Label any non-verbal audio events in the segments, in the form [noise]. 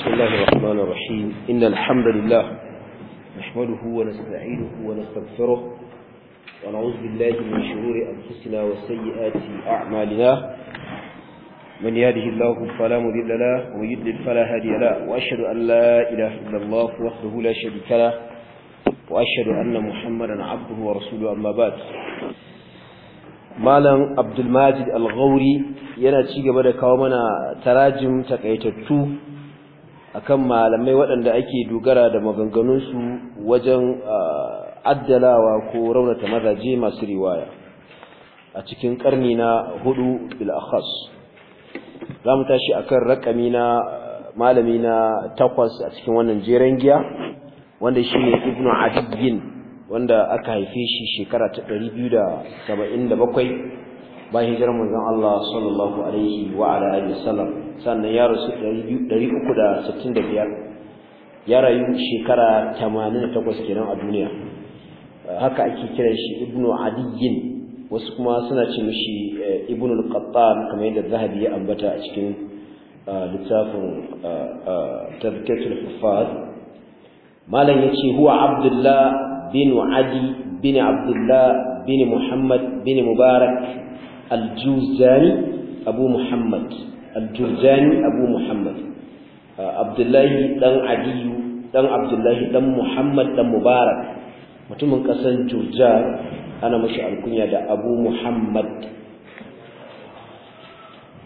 بسم الله الرحمن الرحيم إن الحمد لله نحمده ونستعينه ونستغفره ونعوذ بالله من شرور أنفسنا وسيئات أعمالنا من يهده الله فلا مذل له ومن يضلل فلا هادي له وأشهد أن لا إله إلا الله وحده لا شريك له وأشهد أن محمدا عبده ورسوله أما بعد Malam Abdulmajid Al-Ghauri yana ci gaba da kawo mana tarajim takaitattu akan malamai waɗanda ake dogara da maganganunsu wajen addalawa ko raunata mazaje masu riwaya a cikin ƙarni na hudu bil'akhas za mu tashi akan rakami na malami na takwas a cikin wannan jeren giya wanda shi ne ibn adiyyin wanda aka haife shi shekara ta 277 bayan hijirar manzon Allah sallallahu alaihi wa alihi wasallam sannan ya rasu 365 ya rayu shekara 88 kenan a duniya haka ake kiran shi ibnu adiyyin wasu kuma suna ce mishi eh, ibnu al-qattan kamar yadda zahabi ya ambata a cikin ah, littafin ah, ah, tazkiyatul huffaz malam yace huwa abdullah bin adi bin abdullah bin muhammad bin mubarak al-juzani abu muhammad al-jurjani abu muhammad uh, abdullahi dan adiyu dan abdullahi dan muhammad dan mubarak mutumin kasan jurjar ana mashi alkunya da abu muhammad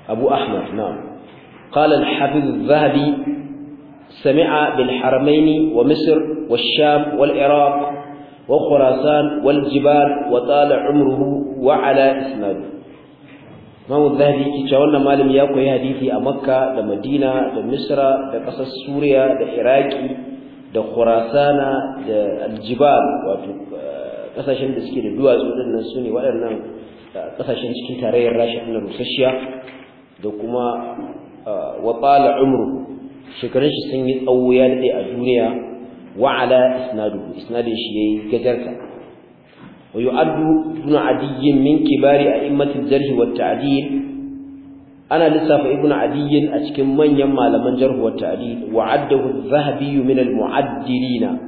abu ahmad na'am qala al-hafiz az-zahabi sami'a bil haramain wa misr wash-sham wal-iraq wa khurasan wal-jibal wa tala umruhu wa ala isnadihi Imam Zahabi yake cewa wannan malami ya koyi hadisi a Makka da Madina da Misra da ƙasar Suriya da Iraki da Khurasana da Aljibal wato eh, ƙasashen da suke da duwatsu dinnan su waɗannan eh, ƙasashen cikin tarayyar Rasha na Rusasshiya da kuma eh, wa qala umru shekarun shi sun yi tsawo ya dade a duniya wa ala isnaduhu isnadin shi yayi gajarta ويعد ابن عدي من كبار أئمة الجرح والتعديل أنا لساف ابن عدي أشكم من يما لمن جرح والتعديل وعده الذهبي من المعدلين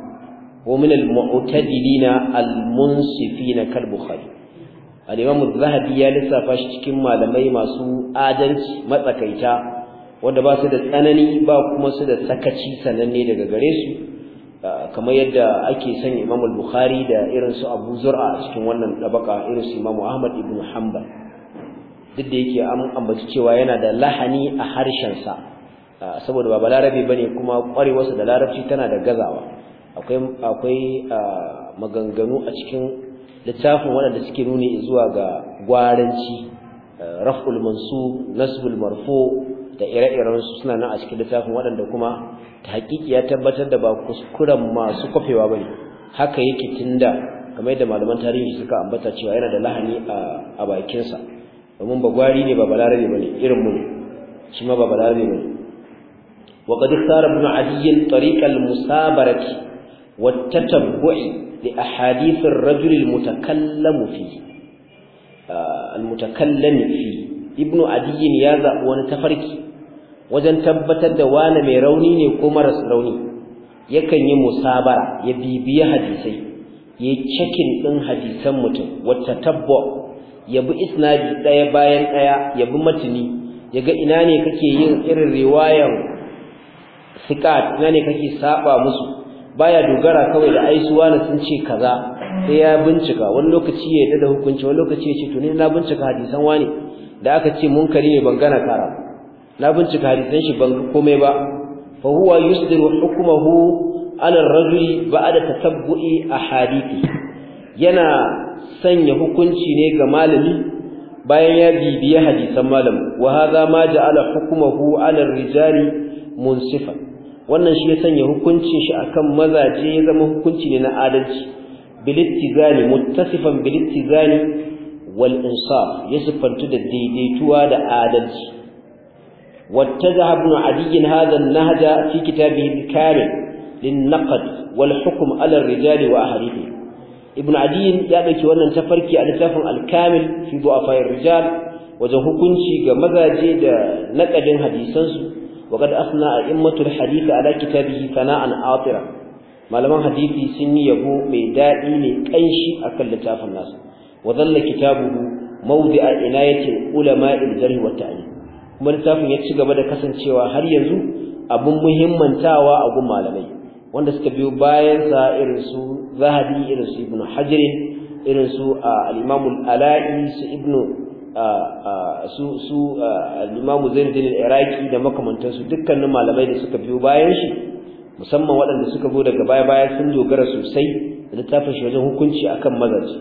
ومن المعتدلين المنصفين كالبخاري الإمام الذهبي يا لساف أشكم ما لما يمسو آدلت متكيتا wanda ba su da tsanani ba kuma su da sakaci sananne daga gare su kamar yadda ake sanya Imam al-Bukhari da irin su Abu Zur'a cikin wannan dabaka irin su Imam Ahmad ibn Hanbal duk da yake an ambaci cewa yana da lahani a harshen sa saboda ba balarabe bane kuma kwarewarsa da larabci tana da gazawa akwai akwai maganganu a cikin littafin waɗanda suke nuni zuwa ga gwaranci raf'ul mansub nasbul marfu da ire-iren su suna nan a cikin littafin waɗanda kuma ta hakiki ya tabbatar da ba kuskuren masu kwafewa ba ne haka yake tun da kamar yadda malaman tarihi suka ambata cewa yana da lahani a bakinsa domin ba gwari ne ba balarabe ba ne irin mu ne shi ma ba balarabe ba ne وقد اختار ابن عدي طريق المسابرة والتتبع لأحاديث الرجل المتكلم فيه المتكلم فيه ibnu adiyin ya zaɓi wani tafarki wajen tabbatar da wane mai rauni ne ko maras rauni yakan yi musabara ya bibiya hadisai ya yi cikin ɗin hadisan mutum wata tabbo ya bi isnadi ɗaya bayan ɗaya ya bi matini ya ga ina ne kake yin irin riwayan sikat ina ne kake saba musu baya dogara kawai da aisuwa na sun ce kaza sai ya bincika wani lokaci ya yi da hukunci wani lokaci ya ce to na bincika hadisan wani da aka ce munkari ne ban gana kara na bincika hadisan shi ban komai ba fa huwa yusdiru hukmuhu ala ar-rajuli ba'da tasabbu'i ahadithi yana sanya hukunci ne ga malami bayan ya bibiye hadisan malam wa hadha ma ja'ala hukmuhu ala ar-rijali munsifa wannan shi ya sanya hukuncin shi akan mazaje ya zama hukunci ne na adalci bil ittizani muttasifan bil ittizani wal insaf ya sifantu da daidaituwa da adalci واتزع ابن عدي هذا النهج في كتابه الكامل للنقد والحكم على الرجال وأهله ابن عدي يأتي وأن تفركي الاتفاق الكامل في ضعفاء الرجال وزهكنشي كمذاجي نقد حديثنس وقد أثنى أئمة الحديث على كتابه ثناء عاطرا malaman hadisi sun yi yabo mai daɗi ne ƙanshi akan littafin nasu wa zalla kitabuhu mawdi'a inayatil ulama'il jarh wa ta'lim kuma littafin ya ci gaba da kasancewa har yanzu abun muhimmantawa a gun malamai wanda suka biyo bayan sa irin su Zahabi irin su Ibn Hajar irin su al alai su Ibn su su al Zainuddin da makamantansu dukkanin malamai da suka biyo bayan shi musamman waɗanda suka zo daga baya baya sun dogara sosai da littafin shi wajen hukunci akan mazaji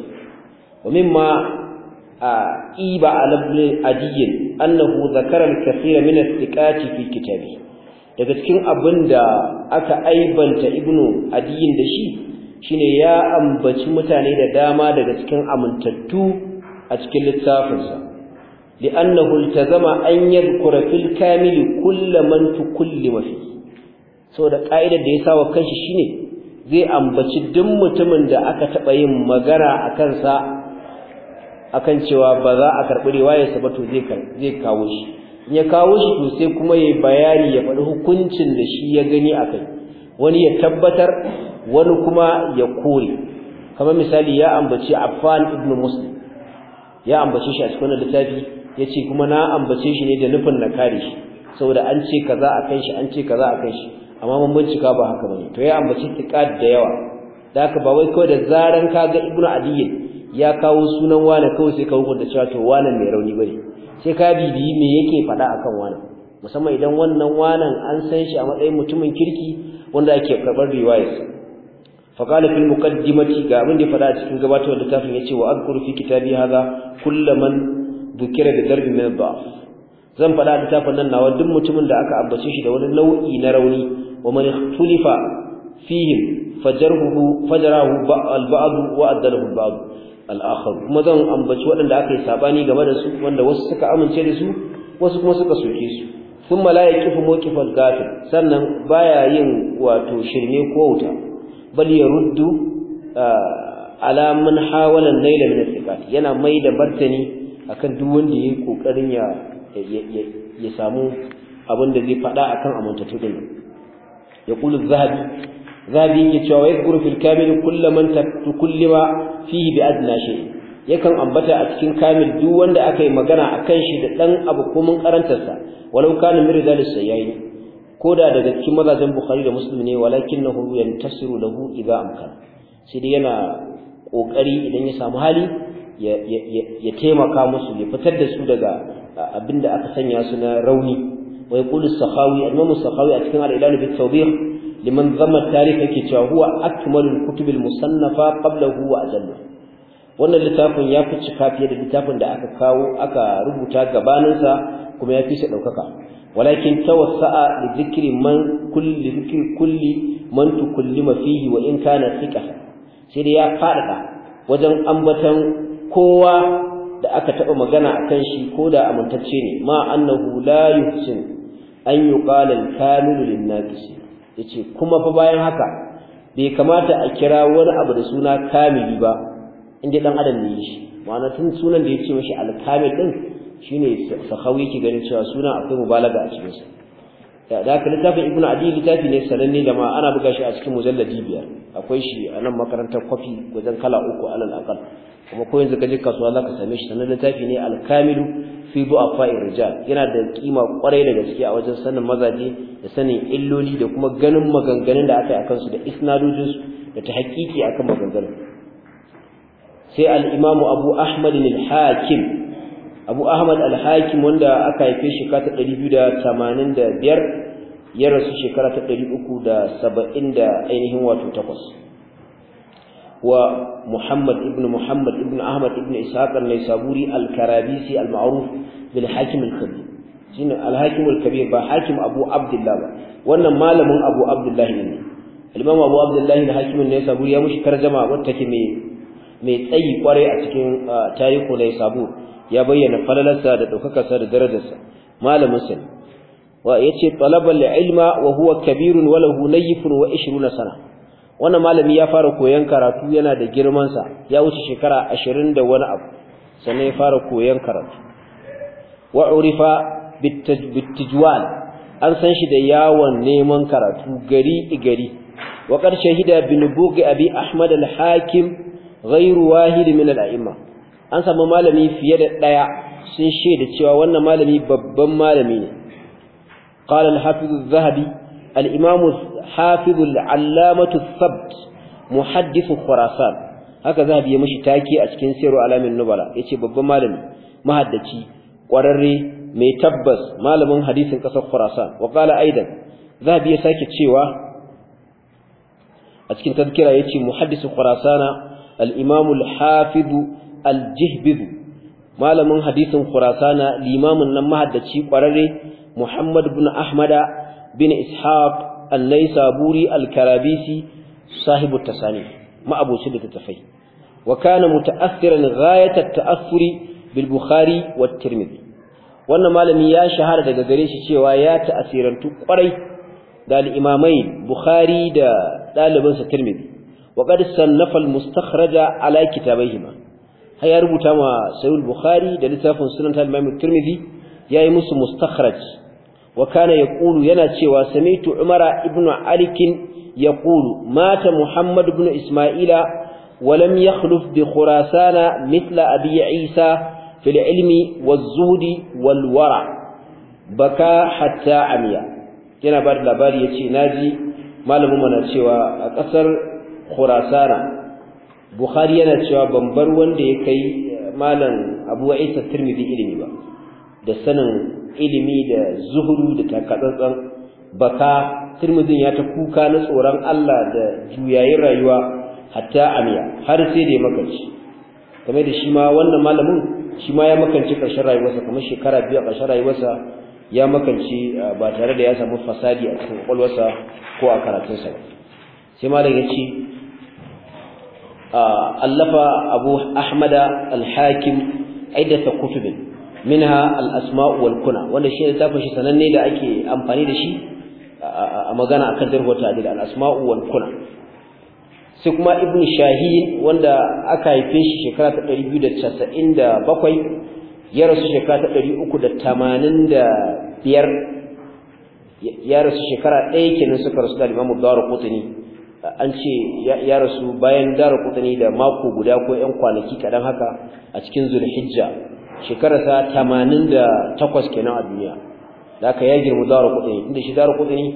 wa mimma iba alabni adiyin annahu zakara al-kathira min al-thiqati fi kitabi daga cikin abinda aka aibanta ibnu adiyin da shi shine ya ambaci mutane da dama daga cikin amintattu a cikin littafinsa li'annahu iltazama an yadhkura fil kamili kullu man wa fi saboda kaidar da ya sawa kanshi shine zai ambaci duk mutumin da aka taba yin magana a kansa akan cewa ba za a karɓi riwayarsa ba to zai kawo shi In ya kawo shi to sai kuma ya bayani ya faɗi hukuncin da shi ya gani a kai wani ya tabbatar wani kuma ya kore kamar misali ya ambaci Affan ibn Muslim ya ambace shi a cikin wannan littafi yace kuma na ambace shi ne da nufin na kare shi saboda an ce kaza a kai shi an ce kaza a kai shi amma mun bincika ba haka bane to ya ambaci tiqad da yawa da haka ba wai kawai da zaran kaga ibnu adiyyah ya kawo sunan wane kawai sai ka hukunta cewa to wane mai rauni bane sai ka bibiyi me yake faɗa akan wane, musamman idan wannan wanan an san shi a matsayin mutumin kirki wanda ake karɓar fa faqala fil muqaddimati ga abin da faɗa a cikin da littafin yace wa adkuru fi kitabi hadha kullaman dhukira bi darbi min dha'f zan faɗa a littafin nan nawa duk mutumin da aka ambace shi da wani nau'i na rauni wa man ikhtulifa fihim fajaruhu fajarahu bad wa adalahu bad al'akhar kuma zan ambaci waɗanda aka yi sabani game da su wanda wasu suka amince da su wasu kuma suka soke su sun malaya kifi mokifar gafin sannan baya yin wato shirme ko wuta bal ya ruddu alamun ah, hawalan naila min istiqat yana mai da martani akan duk wanda yayi kokarin ya ya samu abin da zai faɗa akan amintattu din ya qulu zahabi zabi yake cewa wa yadhkuru fil kamil kullu man tukullima fihi bi adna shay yakan ambata a cikin kamil duk wanda aka yi magana akan shi da dan abu ko mun karantar sa walau kana min rijalis sayyi koda daga cikin mazajin bukhari da muslim ne walakinahu yantasiru lahu idza amkana sai dai yana kokari idan ya samu hali ya taimaka musu ya fitar da su daga abinda aka sanya su na rauni wa yaqulu as-sakhawi al-imam sakhawi a cikin al-ilan bi tawbih liman zama tarihi yake cewa huwa akmalul kutubil musannafa qablahu wa ajallu wannan littafin ya fi cika fiye da littafin da aka kawo aka rubuta gabaninsa kuma ya fi shi ɗaukaka walakin tawassa'a li dhikri man kulli dhikri kulli man tukullima fihi wa in kana thiqa sai da ya faɗaɗa wajen ambatan kowa da aka taɓa magana a kan shi ko da amintacce ne ma annahu la yuhsin an yuqala al-kamilu lin-naqis yace kuma fa bayan haka bai kamata a kira wani abu da suna kamili ba inda dan adam ne shi ma'ana tun sunan da yace mishi al-kamil din shine sahawi yake ganin cewa suna akwai mubalaga a cikin sa da haka littafin ibnu adi littafi ne sananne da ma ana buga shi a cikin mujalladi biyar akwai shi a nan makarantar kwafi wajen kala uku alal aqal kuma ko yanzu ka je kasuwa zaka ka same shi sanan littafi ne al-kamilu fi du'afa rijal yana da kima kwarai da gaske a wajen sanin mazaje da sanin illoli da kuma ganin maganganun da aka yi akan su da isnadojin su da tahqiqi akan maganganun sai al-imamu Abu Ahmad al-Hakim Abu Ahmad al-Hakim wanda aka haife shi ka ta 285 ya rasu shekara ta 370 da ainihin wato takwas هو محمد ابن محمد ابن أحمد ابن إسحاق النيسابوري الكرابيسي المعروف بالحاكم الكبير شين الحاكم الكبير بحاكم أبو عبد الله وأن مالم أبو عبد الله منه الإمام أبو عبد الله الحاكم النيسابوري يا مش ترجمة وتكمي mai tsayi kwarai a cikin tarihi Naisabur ya bayyana falalarsa da daukakarsa da darajarsa malamin sa wa yace talabal ilma wa huwa kabirun wa lahu nayfun wa 20 sana wannan malami ya fara koyon karatu yana da girman sa, ya wuce shekara ashirin da wani abu sannan ya fara koyon karatu wa urifa bittijwal an san shi da yawon neman karatu gari gari wa karshe shahida bin Bugi abi ahmad al-hakim ghairu wahid min al-a'imma an samu malami fiye da daya sun shaida cewa wannan malami babban malami ne qala al-hafiz al zahabi al-imam hafizul allamatu sabt muhaddisu kurasan haka zahabi ya mishi take a cikin siru alamin nubala yace babban malami mahaddaci kwararre mai tabbas malamin hadisin kasar khurasan wa qala aidan zahabi ya sake cewa a cikin tazkira yace muhaddisu khurasana al-imam al-hafiz al malamin hadisin khurasana limamin nan mahaddaci kwararre muhammad ibn ahmada bin ishaq al-laysaburi al-karabisi sahibu tasani ma'abuci da tafai wa kana muta'athiran ghayat at-ta'athuri bil bukhari wa tirmidhi wannan malami ya shahara daga gare shi cewa ya ta'asirantu kwarai da al-imamai bukhari da ɗalibinsa tirmidhi wa qad sannafa al-mustakhraja ala kitabaihima har ya rubuta ma sahih bukhari da littafin sunan al-imam tirmidhi yayi musu mustakhraj wakana ya yaqulu yana cewa samitu umara ibnu alikin yaqulu mata muhammad ibn isma'ila wa lam yakhluf bi khurasana mithla abi isa fil ilmi wazuri zuhdi baka hatta amiya yana ba da labari yace naji malamin mu na cewa a kasar khurasana bukhari yana cewa ban bar wanda ya kai malam abu isa tirmidhi ilimi ba da sanin ilimi da zuhuru da takatsantsan baka turmudin ya ta kuka na tsoron Allah da juyayin rayuwa hatta amiya har sai da ya makanci kamar da shi ma wannan malamin shi ma ya makanci ƙarshen rayuwarsa kamar shekara biyu ƙarshen rayuwarsa ya makanci ah, ba tare da ya samu fasadi a cikin kwalwarsa ko a karatunsa ba sai ma ya ce ah, allafa abu ahmada alhakim aidata kutubin minha al-asma'u wal kuna wanda shi littafin shi sananne da ake amfani da shi a magana akan jarhu ta'dil al-asma'u wal kuna sai kuma ibn shahin wanda aka haife shi shekara ta 297 ya rasu shekara ta 385 ya rasu shekara ɗaya kenan suka rasu da Imam Daruqutni an ce ya rasu bayan Daruqutni da mako guda ko 'yan kwanaki kaɗan haka a cikin Zulhijja tamanin da takwas kenan a duniya da aka ya girma daru kudini inda shi daru kudini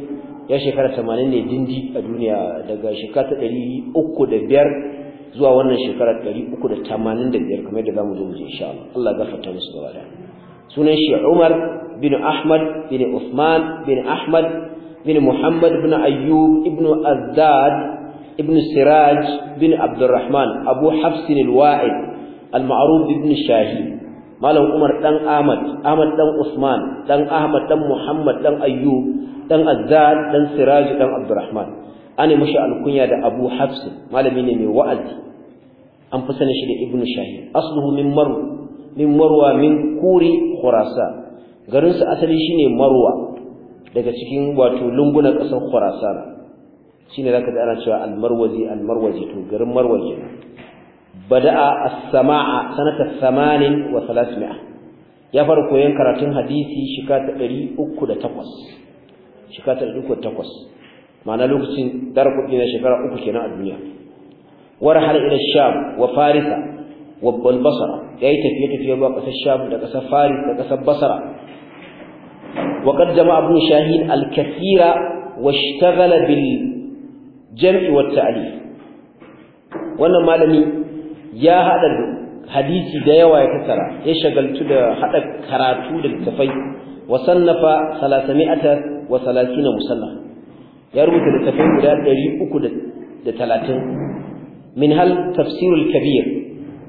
ya shekara 80 ne dindi a duniya daga shekara biyar zuwa wannan shekarar 385 kamar da zamu zo mu insha Allah Allah gafarta musu gaba da sunan shi Umar bin Ahmad bin Uthman bin Ahmad bin Muhammad bin Ayyub ibn Azdad ibn Siraj bin Abdurrahman Abu Hafs al-Wa'il al-ma'ruf ibn Shahi malam umar dan ahmad ahmad dan usman dan ahmad dan muhammad dan ayyub dan azzad dan siraj dan abdurrahman mushi al alkunya da abu hafs malami ne mai wa'azi an fi sanin shi da ibnu shahid asluhu min marwa min marwa min kuri khurasa garin sa asali shine marwa daga cikin wato lungunan kasar khurasa shine zaka ji ana cewa al-marwazi al-marwazi to garin marwazi bada'a as-sama'a sanata 80 wa 300 ya fara koyon karatun hadisi shika ta 308 shika ta 308 ma'ana lokacin darku ne shekara uku kenan a duniya warhal ila sham wa farisa wa basra yayi tafiye tafiye zuwa kasar sham da kasar faris da kasar basra wa qad jama'a ibn shahin al-kathira wa ishtaghala bil jam'i wa ta'lif wannan malami ya haɗa hadisi da yawa ya tattara ya shagaltu da haɗa karatu da littafai wa sannafa wa na musannaf ya rubuta littafai guda ɗari uku da talatin, min hal tafsirul kabir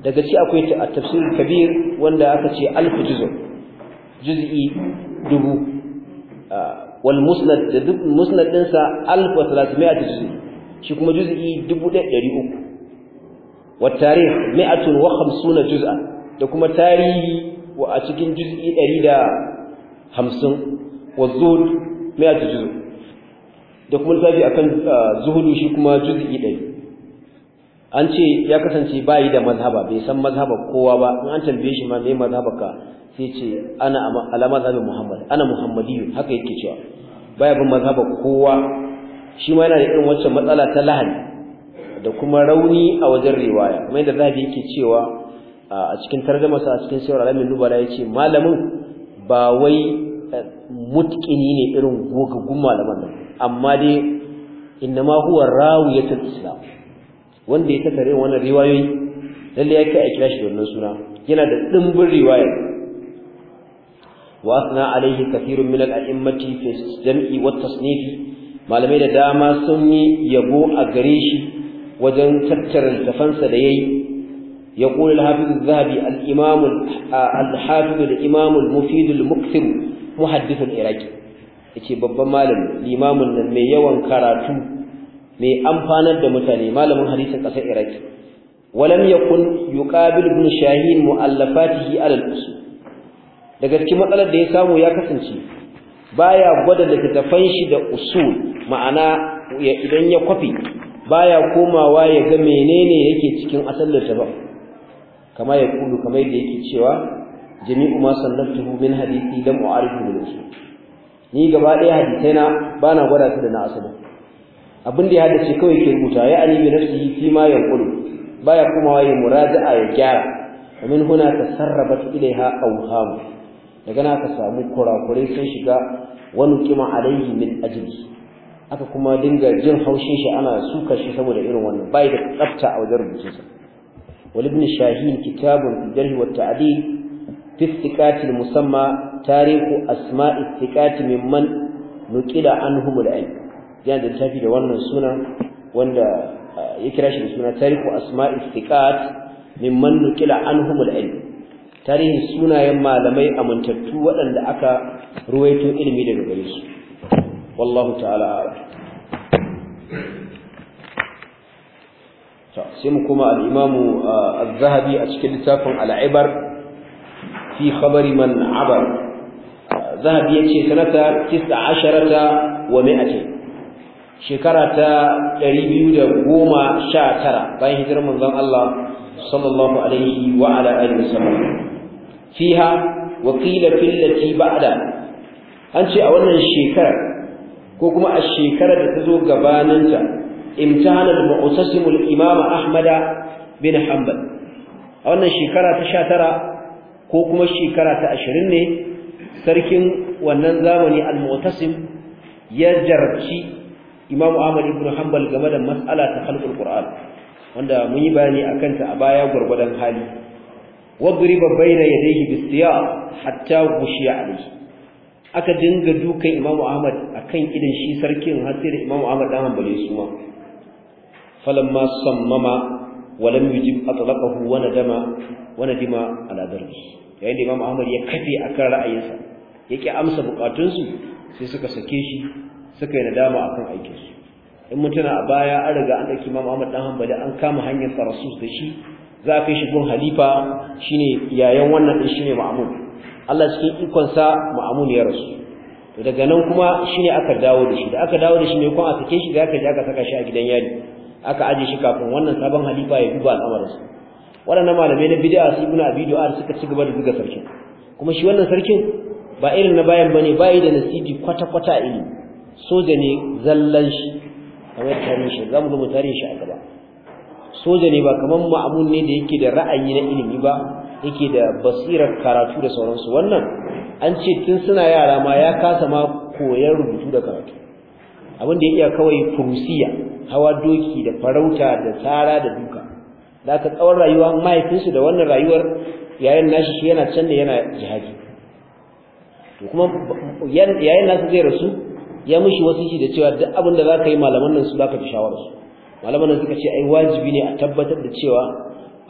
daga ci akwai tafsirul kabir wanda aka ce alf juz juz'i dubu ah, wal musnad da musnad dinsa 1300 juz'i shi kuma juz'i dubu ɗari uku. wa tarikh 150 juz'a da kuma tarihi wa a cikin juz'i 150 wa zuhud 100 juz'u da kuma zabi akan zuhudu shi kuma juz'i 100 an ce ya kasance bayi da mazhaba bai san mazhaba kowa ba in an tambaye shi ma me mazhaba ka sai ce ana alama zabi muhammad ana muhammadiyyu haka yake cewa baya bin mazhaba kowa shi ma yana da irin waccan matsala ta lahani da kuma rauni a wajen riwaya kuma yadda zahabi yake cewa a cikin sa, a cikin sayar alamin nubala ya ce malamin ba wai eh, mutkini ne irin gogaggun malaman nan amma dai ma huwa rawiyatul islam wanda ya tattare wannan riwayoyi lalle ya kai a kira shi wannan suna yana da ɗimbin riwaya wa asna alaihi kathirun min al-a'immati fi jam'i wa malamai da dama sun yi yabo a gare shi wajen tattarin tafansa da yayi ya kula al-hafiz az-zahabi al-imam al-hafiz al-imam al-mufid al-mukthir muhaddith al-iraqi yace babban malami limamin nan mai yawan karatu mai amfanar da mutane malamin hadisin kasar iraqi walam yakun yuqabil ibn shahin mu'allafatihi ala al-usul daga cikin matsalar da ya samu ya kasance baya gwada littattafan shi da usul ma'ana idan ya kwafi baya komawa ya ga menene yake cikin asalin ta ba kama ya kulu kamar yadda yake cewa jami'u ma sallatuhu min hadithi lam u'arifu min usul ni gaba ɗaya hadisai na bana gwada su da na asali abin da ya hadace kawai ke rubuta ya ali bi nafsihi fi ma yanqulu baya komawa ya muraja'a ya gyara min huna tasarrabat ilaiha awham daga na ka samu kurakurai sun shiga wani kima alaihi min ajli aka kuma dinga jin haushin shi ana suka shi saboda irin wannan bai da tsafta a wajen rubutunsa wal ibn shahin kitabun jarh wa ta'dil fi istiqat musamma tarihu asma'i istiqat mimman nuqila anhum al ilm yana da tafi da wannan suna wanda ya kira shi da suna tarihu asma'i istiqat mimman nuqila anhum al ilm tarihin sunayen malamai amintattu waɗanda aka ruwaito ilimi daga gare su wallahu ta'ala ta sai mu kuma al-imamu az-zahabi a cikin littafin al-ibar fi khabari man abar zahabi yace sanata 19 wa 200 shekara ta 219 bayan hijirar manzon Allah sallallahu alaihi wa ala alihi wasallam fiha wa lati ba'da an ce a wannan shekarar ko kuma a shekarar da ta zo gabaninta imtihana al-mu'tasim al-imam ahmad bin hanbal a wannan shekara ta 19 ko kuma shekara ta 20 ne sarkin wannan zamani al-mu'tasim ya jarci imam ahmad ibn hanbal game da mas'ala ta khalqul qur'an wanda mun yi bayani akan ta a baya gurgurdan hali wadriba bayna yadayhi bisiyar hatta gushiya alayhi aka dinga dukan imamu ahmad akan idan shi sarkin har sai da imamu ahmad dan hanbali su ma falamma sammama walam yujib atlaqahu wa nadama wa wani dima darbi yayin da imamu ahmad ya kafe kan ra'ayinsa ƙi amsa bukatunsu sai suka sake shi suka yi nadama akan aikin su in mutuna a baya an riga an ɗauki imamu ahmad dan hanbali an kama hanyar sa da shi za a kai shi gun halifa shine yayan wannan din shine Mahmud. Allah cikin ikonsa ma'amun ya rasu to daga nan kuma shine aka dawo da shi da aka dawo da shi ne kuma a sake shi da aka je aka saka shi a gidan yari aka aje shi kafin wannan sabon halifa ya duba sa wadannan malamai na bid'a su ibnu abi du'ar suka ci gaba da buga sarkin kuma shi wannan sarkin ba irin na bayan bane bai da nasibi kwata kwata ilimi soja ne zallan shi kamar tarin shi zamu rubuta tarihin shi a gaba soja ne ba kamar ma'amun ne da yake da ra'ayi na ilimi ba yake da basirar karatu da sauransu wannan an ce tun suna yara ma ya kasa ma koyar rubutu da karatu abin da ya iya kawai furusiya hawa doki da farauta da tsara da duka da aka tsawon rayuwa mahaifinsu da wannan rayuwar yayin nashi shi yana can da yana jihadi to kuma yayin nasu zai rasu ya mishi wasu shi da cewa duk abin da za ka yi malaman nan su za ka fi shawararsu malaman nan suka ce ai wajibi ne a tabbatar da cewa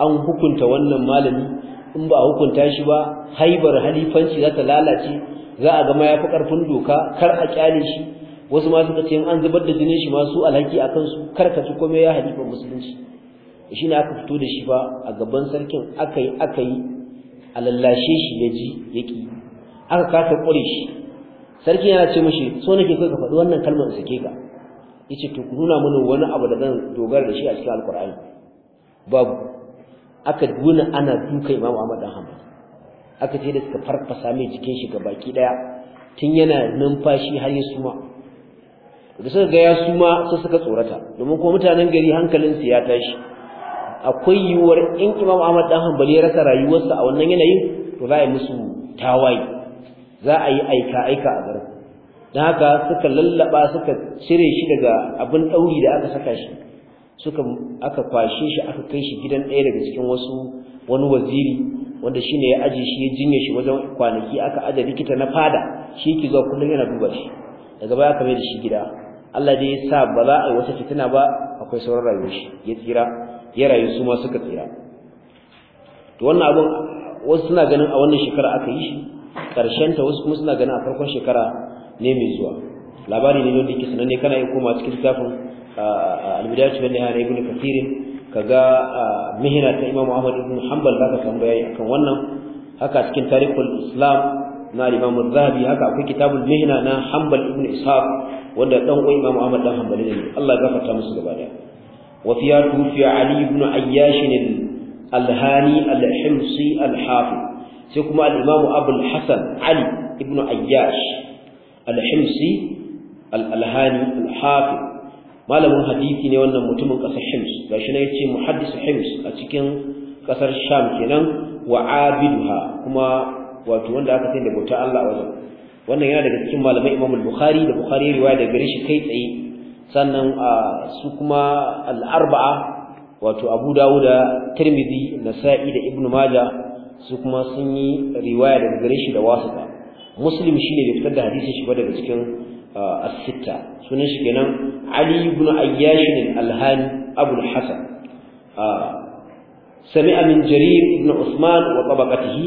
an hukunta wannan malami in ba hukunta shi ba haibar halifanci za ta lalace za a gama yafi karfin doka kar a kyale shi wasu ma suka ce an zubar da jinin shi ma su alhaki a kansu kar ka ci komai ya halifa musulunci shi ne aka fito da shi ba a gaban sarkin aka yi aka yi a lallashe shi ya ji ya ki aka kasa ƙure shi sarki yana ce mashi so nake kai ka faɗi wannan kalmar in sake ka yace to ku nuna mana wani abu da zan dogara da shi a cikin alƙur'ani babu aka duna ana duka Imam Ahmad dan Hanbal aka ce da suka farfasa mai jikin shi baki ɗaya, tun yana numfashi har ya suma da suka ga ya suma sai suka tsorata domin kuma mutanen gari hankalin su ya tashi akwai yiwuwar in Imam Ahmad dan Hanbal ya rasa rayuwarsa a wannan yanayin to za a yi musu tawaye za a yi aika aika a garin dan haka suka lallaba suka cire shi daga abin dauri da aka saka shi suka aka kwashe shi aka kai shi gidan ɗaya daga cikin wasu wani waziri wanda shine ya aje shi ya jinya shi wajen kwanaki aka aje likita na fada shi yake zuwa kullum yana duba shi daga baya aka mai da shi gida Allah dai ya sa ba za a yi wata fitina ba akwai sauran rayuwar shi ya tsira ya rayu su ma suka tsira to wannan abun wasu suna ganin a wannan shekara aka yi shi karshen ta wasu kuma suna ganin a farkon shekara ne mai zuwa labari ne wanda ke sananne kana iya koma cikin littafin al-bidayatu wan ibn kathir kaga mihna ta imam ahmad ibn hanbal zaka san bayani akan wannan haka cikin tarihul islam na imam az-zahabi haka akwai kitabul mihna na hanbal ibn ishaq wanda dan uwan imam ahmad dan hanbali ne Allah ya gafarta musu gaba daya wa fiya tufi ali ibn ayyash al-hani al-himsi al-hafiz sai kuma al-imam abul hasan ali ibn ayyash al-himsi al hani al-hafiz malamin hadisi ne wannan mutumin kasar Hims gashi ne yace muhaddis Hims a cikin kasar Sham kenan wa abiduha kuma wato wanda aka sai da bauta Allah wajen wannan yana daga cikin malamai Imam al-Bukhari da Bukhari riwaya daga gare shi kai tsaye sannan su kuma al-arba'a wato Abu Dawud da Tirmidhi Nasa'i da Ibn Majah su kuma sun yi riwaya daga gare shi da wasita Muslim shine bai fitar da hadisin shi ba daga cikin as-sitta sunan shi kenan Ali ibn Ayyash al-Alhani Abu al-Hasan min Jarir ibn Usman wa tabaqatihi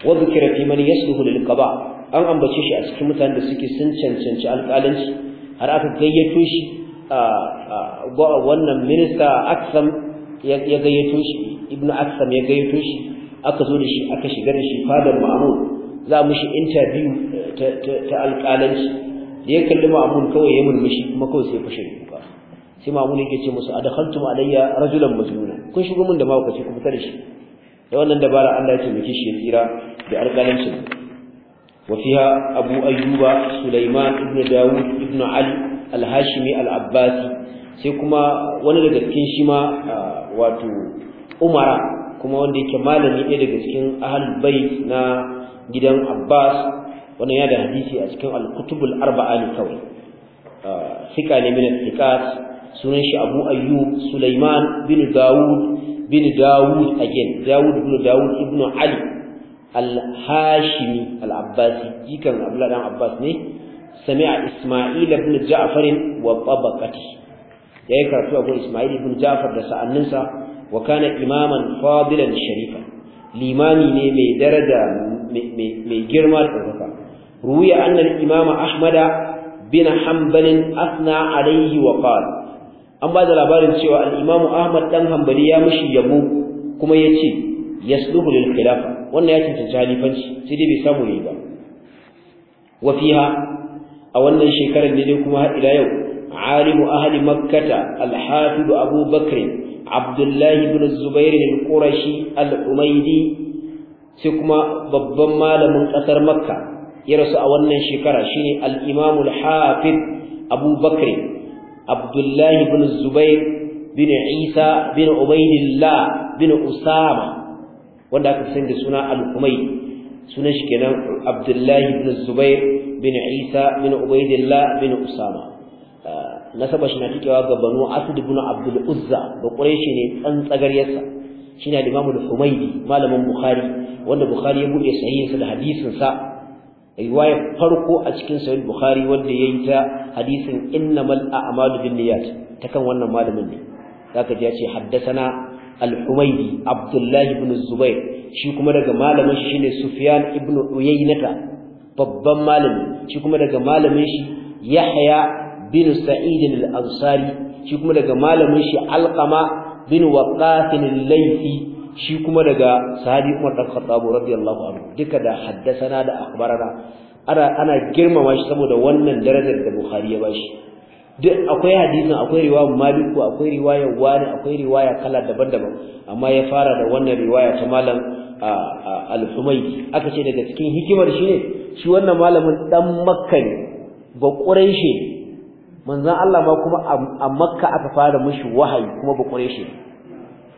wa dhukira fi man yasluhu lil qada an ambace shi a cikin mutanen da suke sun cancanci alƙalanci har aka gayyato shi wannan minista Aksam ya gayyato shi ibn Aksam ya gayyato shi aka zo da shi aka shiga da shi fadar Ma'mun za mu shi interview ta alƙalanci da ya kalli ma'amun kawai ya murmushi kuma kawai sai fashe kuka sai ma'amun yake ce musu adakhaltum alayya rajulan majnuna kun shigo mun da ma kuka ku kuma da shi da wannan dabara Allah ya miki shi tsira da alƙalancin wa fiha abu ayyuba sulaiman ibn dawud ibn ali al-hashimi al-abbasi sai kuma wani daga cikin shi ma wato umara kuma wanda yake malami ɗaya daga cikin ahlul bait na gidan abbas wannan ya da hadisi a cikin al-kutubul arba'a ne kawai ah, sika ne min al-thiqat sunan shi Abu Ayyub Sulaiman bin Dawud bin Dawud again Dawud bin Dawud ibn Ali al-Hashimi al-Abbasi jikan Abdullah dan Abbas ne sami'a Isma'il ibn Ja'far wa tabaqati yayi karatu a gurin Isma'il ibn Ja'far da sa'anninsa wa kana imaman fadilan sharifa limami ne mai daraja mai girma da ɗaukaka روي أن الإمام أحمد بن حنبل أثنى عليه وقال أما ذا لبارن سوى الإمام أحمد بن حنبل يمشي يبو كما يتي يسلوه للخلافة وأن يأتي تجالي فنش سيدي بسامو ليبا وفيها أولا شكرا لديكما إلى يوم عالم أهل مكة الحافظ أبو بكر عبد الله بن الزبير القرشي الأميدي سكما ببما لمن أثر مكة ya rasu a wannan shekara shine al-Imam al Abubakar Abdullahi Bakr Abdullah Zubair bin Isa bin Ubaydillah bin Usama wanda aka san da suna al-Humaydi sunan shi kenan Abdullahi ibn Zubair bin Isa bin Ubaydillah bin Usama ah, nasaba shi na tikewa ga Banu Asad ibn Abdul Uzza ba Quraishi ne tsantsagaryarsa shine al-Imam al-Humaydi malamin Bukhari wanda Bukhari ya buɗe sahihinsa da hadisin riwayar farko a cikin sahih bukhari wanda yayi ta hadisin innamal a'malu binniyat ta kan wannan malamin ne zaka ji ya ce haddathana al-humaydi abdullahi ibn zubair shi kuma daga malamin shi ne sufyan ibn uyaynata babban malami shi kuma daga malamin shi yahya bin sa'id al-ansari shi kuma daga malamin shi alqama bin waqaf al-laythi shi kuma daga sahabi Umar dan Khattab radiyallahu anhu duka da haddasana da akhbarana ana ana girmama shi saboda wannan darajar da Bukhari ya bashi duk akwai hadisin akwai riwaya Malik akwai riwaya Wani akwai riwaya kala daban-daban amma ya fara da wannan riwaya ta malam Al-Humaydi aka ce daga cikin hikimar shi ne shi wannan malamin dan Makka ne ba Quraishi manzon Allah ma kuma a Makka aka fara mishi wahayi kuma ba Quraishi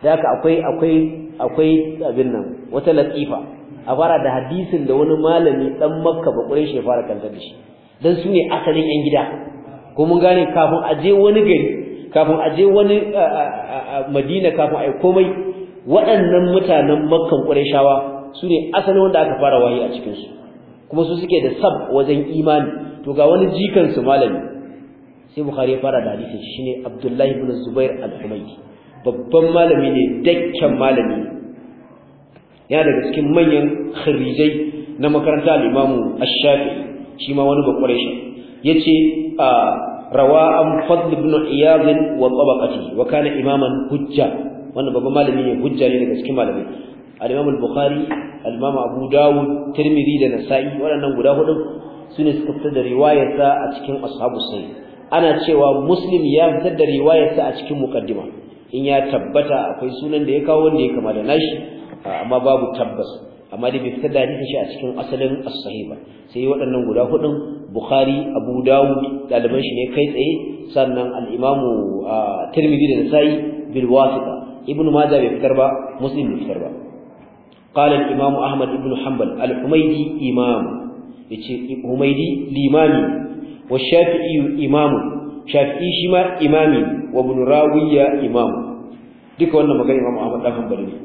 da haka akwai akwai akwai abin nan wata latifa a fara da hadisin da wani malami dan makka ba ƙwarai shi fara kanta shi dan su ne asalin yan gida ko mun gane kafin a je wani gari kafin a je wani madina kafin a komai waɗannan mutanen makkan ƙurayshawa su ne asalin wanda aka fara wayi a cikin su kuma su suke da sab wajen imani to ga wani jikansu malami sai bukhari ya fara da hadisin shi ne abdullahi ibn zubair al-humaydi babban malami ne dakken malami yana daga cikin manyan kharijai na makaranta al-imamu ash-shafi shi ma wani bakware shi yace a rawa an fadl ibn iyad wa tabaqati wa kana imaman hujja wannan babban malami ne hujja ne daga cikin malami. al-imam al-bukhari al-imam abu dawud tirmidhi da nasa'i waɗannan guda hudu sune suka fitar da riwayarsa a cikin Ashabus sai ana cewa muslim ya fitar da riwayarsa a cikin muqaddima in ya tabbata akwai sunan da ya kawo wanda ya kama da nashi amma babu tabbas amma dai bai fitar da shi a cikin asalin as-sahih sai waɗannan guda hudun bukhari abu dawud daliban shi ne kai tsaye sannan al-imamu tirmidhi da nasa'i bil wasita ibnu majah bai fitar ba muslim bai fitar ba قال الإمام أحمد بن حنبل الحميدي إمام yace Humaydi limami wa Shafi'i imamu shafi'i shi ma imami wa ibn rawiya imam duka wannan magana imam Ahmad dan Hanbali ne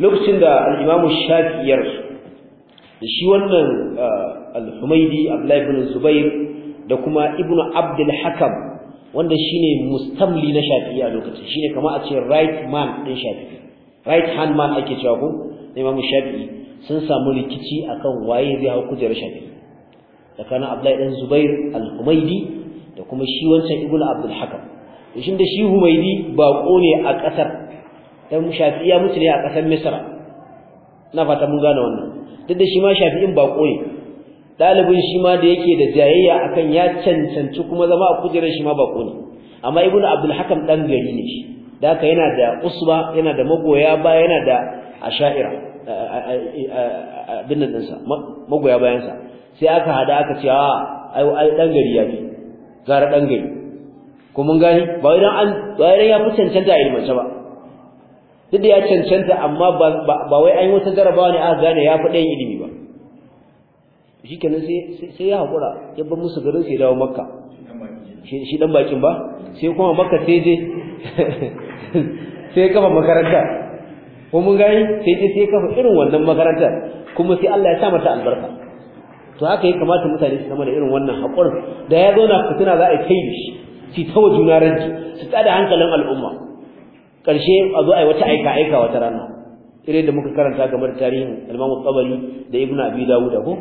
lokacin da al-imam Shafi'i ya shi wannan ah, al-Humaydi Abdullah ibn Zubair da kuma ibn Abdul Hakam wanda shine mustamli na Shafi'i a lokacin shine kama a ce right man din Shafi'i right hand man ake cewa ko imam Shafi'i sun samu rikici akan waye zai hau kujerar Shafi'i tsakanin Abdullah ibn Zubair al-Humaydi da kuma shi wancan ibnu abdul hakam shin da shi humaydi bako ne a kasar dan shafi'i ya mutu ne a kasar misra na fata mun gane wannan duk da shi ma shafi'in bako ne dalibin shi ma da yake da jayayya akan ya cancanci kuma zama a kujerar shi ma bako ne amma ibnu abdul hakam dan gari ne shi da haka yana da usba yana da magoya ba yana da asha'ira abin nan sa magoya bayansa sai aka hada aka ce a ah, ai ai dan gari yafi gara ɗan gari ko mun gani ba idan an idan ya fi cancanta a ilmance ba duk da ya cancanta amma ba wai an yi wata jarabawa ne aka gane ya fi ɗayan ilimi ba shi kenan sai ya haƙura, ya bar musu garin sai dawo makka shi ɗan bakin ba sai kuma makka sai je [laughs] sai kafa makaranta ko mun gani sai je sai kafa irin wannan makaranta kuma sai Allah ya sa mata albarka to haka ya kamata mutane su zama da irin wannan haƙurin da ya zo na fitina za a kai shi su ta wa juna ranci su tsada hankalin al'umma ƙarshe a zo a wata aika aika wata rana irin da muka karanta game da tarihin al-Imam Tabari da Ibn Abi Dawud ko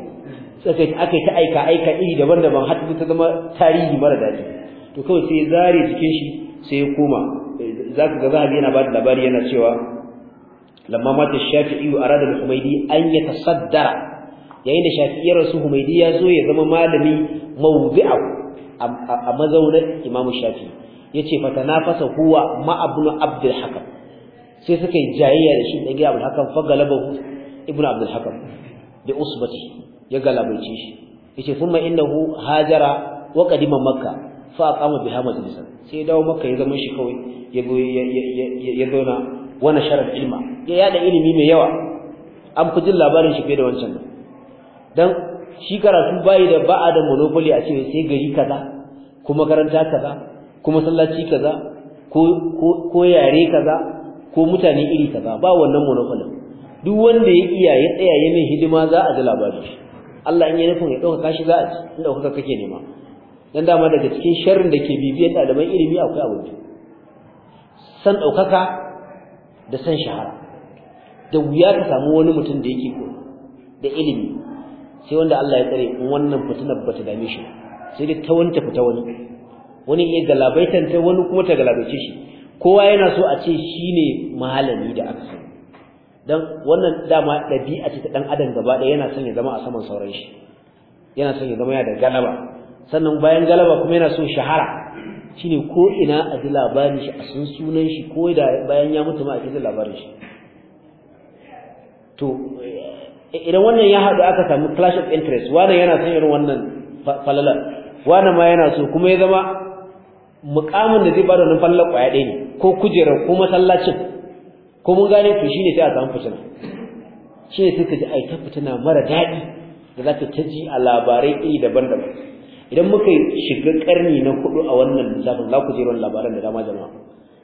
suka aka ta aika aika iri daban-daban har ta zama tarihi mara daɗi to kawai sai zare cikin shi sai ya koma zaka ga zahabi yana ba da labari yana cewa lamma mata Shafi'i arada al-Humaydi an yatasaddara yayin da shafi'iyar rasu humaidi ya zo ya zama malami mawdi'a a mazaunin imam shafi yace nafasa huwa ma ibn abdul hakam sai suka yi jayayya da shi da gida abdul hakam fa galaba ibn abdul hakam da usbati ya galabace shi yace inda innahu hajara wa qadima makka fa aqama biha majlisan sai dawo makka ya zama shi kawai ya ya zauna wani sharaf ilma ya yada ilimi mai yawa an fi jin labarin shi fiye da wancan dan shi karatu bai da ba'a da monopoly a ce sai gari kaza ko makaranta kaza ko masallaci kaza ko ko yare kaza ko mutane iri kaza ba wannan monopoly duk wanda ya iya ya tsaya ya mai hidima za a ji labari Allah in ya nufin ya dauka kashi za a ci inda kuka kake nema dan dama daga cikin sharrin da ke bibiyar ɗaliban ilimi akwai abu san ɗaukaka da san shahara da wuya ka samu wani mutum da yake ko da ilimi sai wanda Allah ya tsare in wannan fitinar bata dame shi sai dai ta wanta fita wani wani iya galabaitan ta wani kuma ta galabaice shi kowa yana so a ce shine malami da aka sani dan wannan dama dabi'a ce ta dan adam gaba ɗaya yana son ya zama a saman sauran shi yana son ya zama yana da galaba sannan bayan galaba kuma yana so shahara shine ko ina a ji labarin shi a sun sunan shi ko da bayan ya mutu ma a ji labarin shi to idan wannan ya haɗu aka samu clash of interest wannan yana son irin wannan falalar wannan ma yana so kuma ya zama mukamin da zai bada wannan falalar kwaya ɗaya ne ko kujerar ko masallacin ko mun gane to shine sai a samu fitina shine sai ka ji ai ta fitina mara daɗi da za ta ta ji a labarai iri daban-daban idan muka shiga karni na hudu a wannan lissafin za ku je wannan labaran da dama jama'a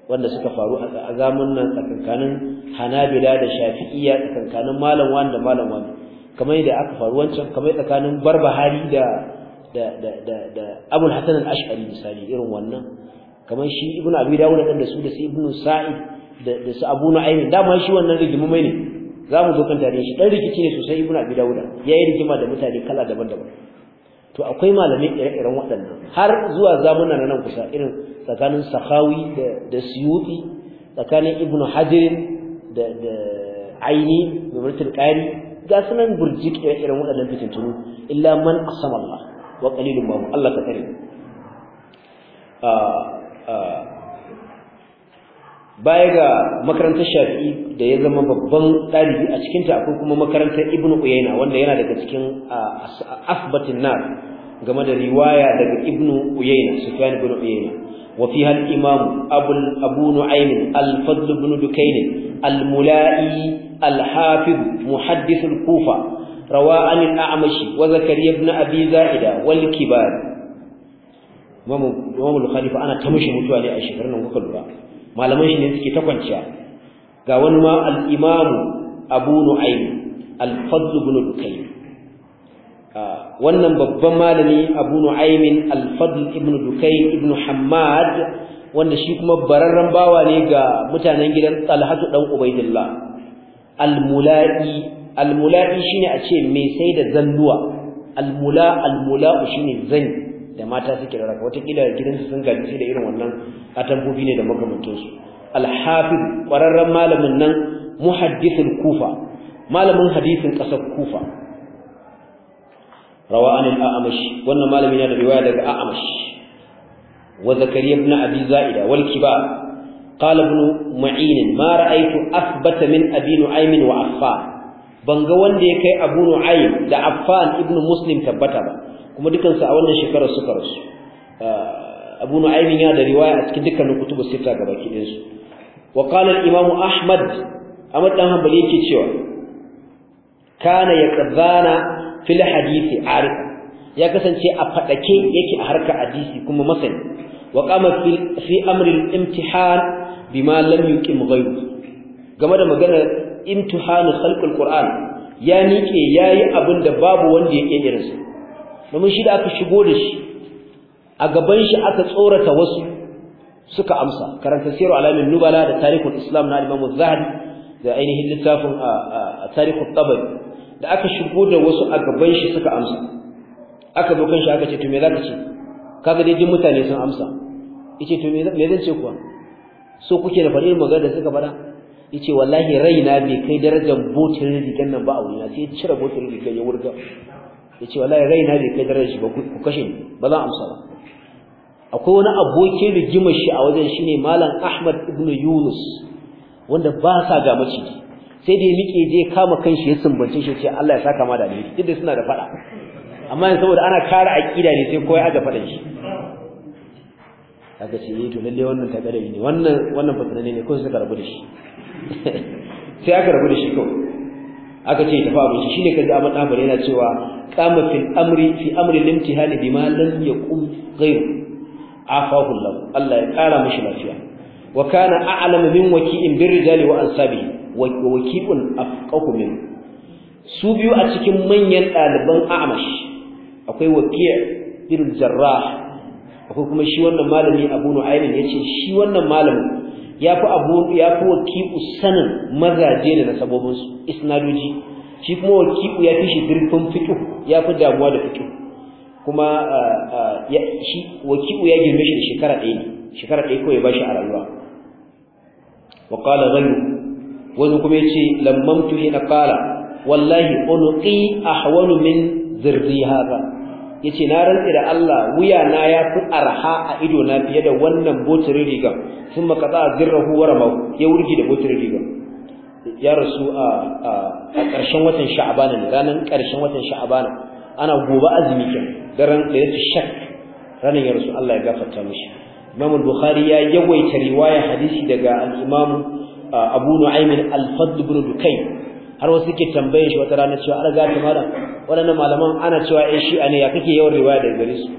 wanda suka faru a zaman nan tsakankanin hanabila da shafi'iyya tsakankanin malam wani da malam wani kamar yadda aka faru wancan kamar tsakanin barbahari da da da da da abul hasan al-ash'ari misali irin wannan kamar shi ibnu abi dawud da su da su Ibn sa'id da da su abu nu'aym ma shi wannan mai ne zamu zo kan tare shi dan rikici ne sosai ibnu abi dawud yi rigima da mutane kala daban-daban to akwai malamai ire-iren waɗannan har zuwa zamuna na nan kusa irin tsakanin sahawi da Siyuɗi, tsakanin ibnu hajirin da aini da murtul qari ga sunan burjik ire-iren waɗannan fitintunu illa man asama Allah wa qalilun ma Allah ka tsare baya ga makarantar shafi'i da ya zama babban ɗalibi a cikinta akwai kuma makarantar ibn uyaina wanda yana daga cikin asbatin nar game da riwaya daga ibn uyaina sufyan bin uyaina wa fi hal imam abul abu nu'aym al fadl ibn dukayn al mula'i al hafiz muhaddith al kufa rawa an al a'mashi wa zakariya ibn abi za'ida wal kibar Imam Al-khalifa ana ta mutuwa ne a shekarun da kuka lura malaman shi ne suke ta kwanciya ga wani ma al Abu Nu'aym al-Fadl ibn ah, wannan babban malami Abu Nu'aym al-Fadl ibn Dukayn ibn Hammad wanda shi kuma bararren bawa ne ga mutanen gidan Talhatu dan Ubaidillah al-Mula'i al-Mula'i shine a ce mai sai da zannuwa al-Mula al-Mula'u shine da mata suke rarraka watakila gidansu sun gaji shi da irin wannan atambobi ne da makamantansu alhafiz ƙwararren malamin nan muhaddisin kufa malamin hadisin ƙasar kufa rawa an al'amash wannan malami yana da riwaya daga a'amash wa zakariya ibn abi za'ida wal kibar qala ibn ma'in ma ra'aytu athbata min abi nu'aym wa affan banga wanda ya kai abu nu'aym da affan ibn muslim tabbata ba kuma dukansu a wannan shekarar suka rasu ah, abu nu'aymin yana da riwaya a cikin dukkanin kutubu sita ga baki ɗin su wa qala al-imamu ahmad ahmad dan hanbali yake cewa kana yaqdana fil hadisi arifa ya kasance a fadake yake a harka hadisi kuma masani wa qama fi amri al-imtihan bima lam yuqim ghayru game da maganar imtihanu khalqul qur'an ya miƙe yayi abinda da babu wanda ya ƙi irinsa domin shi da aka shigo da shi a gaban shi aka tsorata wasu suka amsa karanta siru alamin nubala da tarihul islam na imam zahabi da ainihin littafin a tarihul tabari da aka shigo da wasu a gaban shi suka amsa aka zo kan shi aka ce to me zaka ce kaga dai jin mutane sun amsa yace to me zan ce kuwa so kuke da faɗin magana da suka faɗa yace wallahi raina bai kai darajar botin rigan nan ba a na sai ya cire botin rigan ya wurga yace wallahi raina bai kai darajar shi ba ku kashe ni ba zan amsa ba akwai wani abokin rigimar shi a wajen shine malam Ahmad ibn Yunus wanda ba sa ga maciji sai da ya miƙe je kama kanshi ya sumbace shi ce Allah ya saka ma da ni duk da suna da fada amma yanzu saboda ana kare aqida ne sai koyi ya ga fadan shi kaga ne eh, to lalle wannan ta gare ni wannan wannan fatanne ne ko suka rabu da shi [laughs] sai aka rabu da shi kawai aka ce tafi abinci shine kaji abin amr yana cewa qama fil amri fi amri limtihani bima lam yaqum ghayr afahu Allah Allah ya kara mishi lafiya wa kana a'lam min waki'in rijali wa ansabi wa waki'un afqahu min su biyu a cikin manyan ɗaliban amash akwai waki' birul jarrah akwai kuma shi wannan malami Abu Nu'aym yace shi wannan malamin ya fi abu ya fi waki'u sanin mazaje da nasabobinsu isnadoji shi kuma wakiku ya fi shi zurfin fito ya fi damuwa da fito kuma shi waki'u ya girme shi da shekara ɗaya ne shekara ɗaya kawai ba shi a rayuwa wa qala yi. wani kuma yace lamman tuhina qala wallahi unqi ahwanu min zirri hadha yace na rantsi da Allah wuya na ya fi arha a ido na fiye da wannan botirin riga sun makaza zirrahu wa ramau ya wurgi da botirin riga ya rasu a a ƙarshen watan sha'aban ne ranan ƙarshen watan sha'aban ana gobe azumi kin daren da yace shak ranan ya rasu Allah ya gafarta mishi Imam Bukhari ya yawaita riwaya hadisi daga al-Imam Abu Nu'aym al-Fadd ibn Dukayn har wasu suke tambaye shi wata rana cewa an gata mara, waɗannan malaman ana cewa 'Yan eh, shi'a ne ya kake yawan riwaya da gare su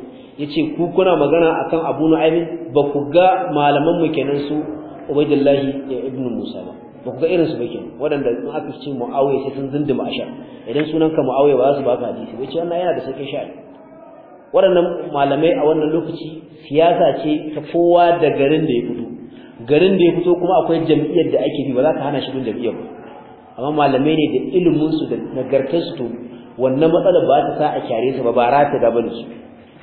yace ku kuna magana akan Abu Nu'aym ba ku ga malaman mu kenan su Ubaydullah ibn Musa ba ba ku ga irin su ba kenan waɗanda in aka ce Muawiya sai sun dindima asha idan sunan ka Muawiya ba za su baka hadisi wace wannan yana da sakin sha'ani waɗannan malamai a wannan lokaci siyasa ce ta kowa da garin da ya fito garin da ya fito kuma akwai jam'iyyar da ake bi ba za ka hana shi bin jam'iyyar ba amma malamai ne da ilimin su da nagartar su wannan matsalar ba ta sa a kyare su ba ba ra ta gaba da su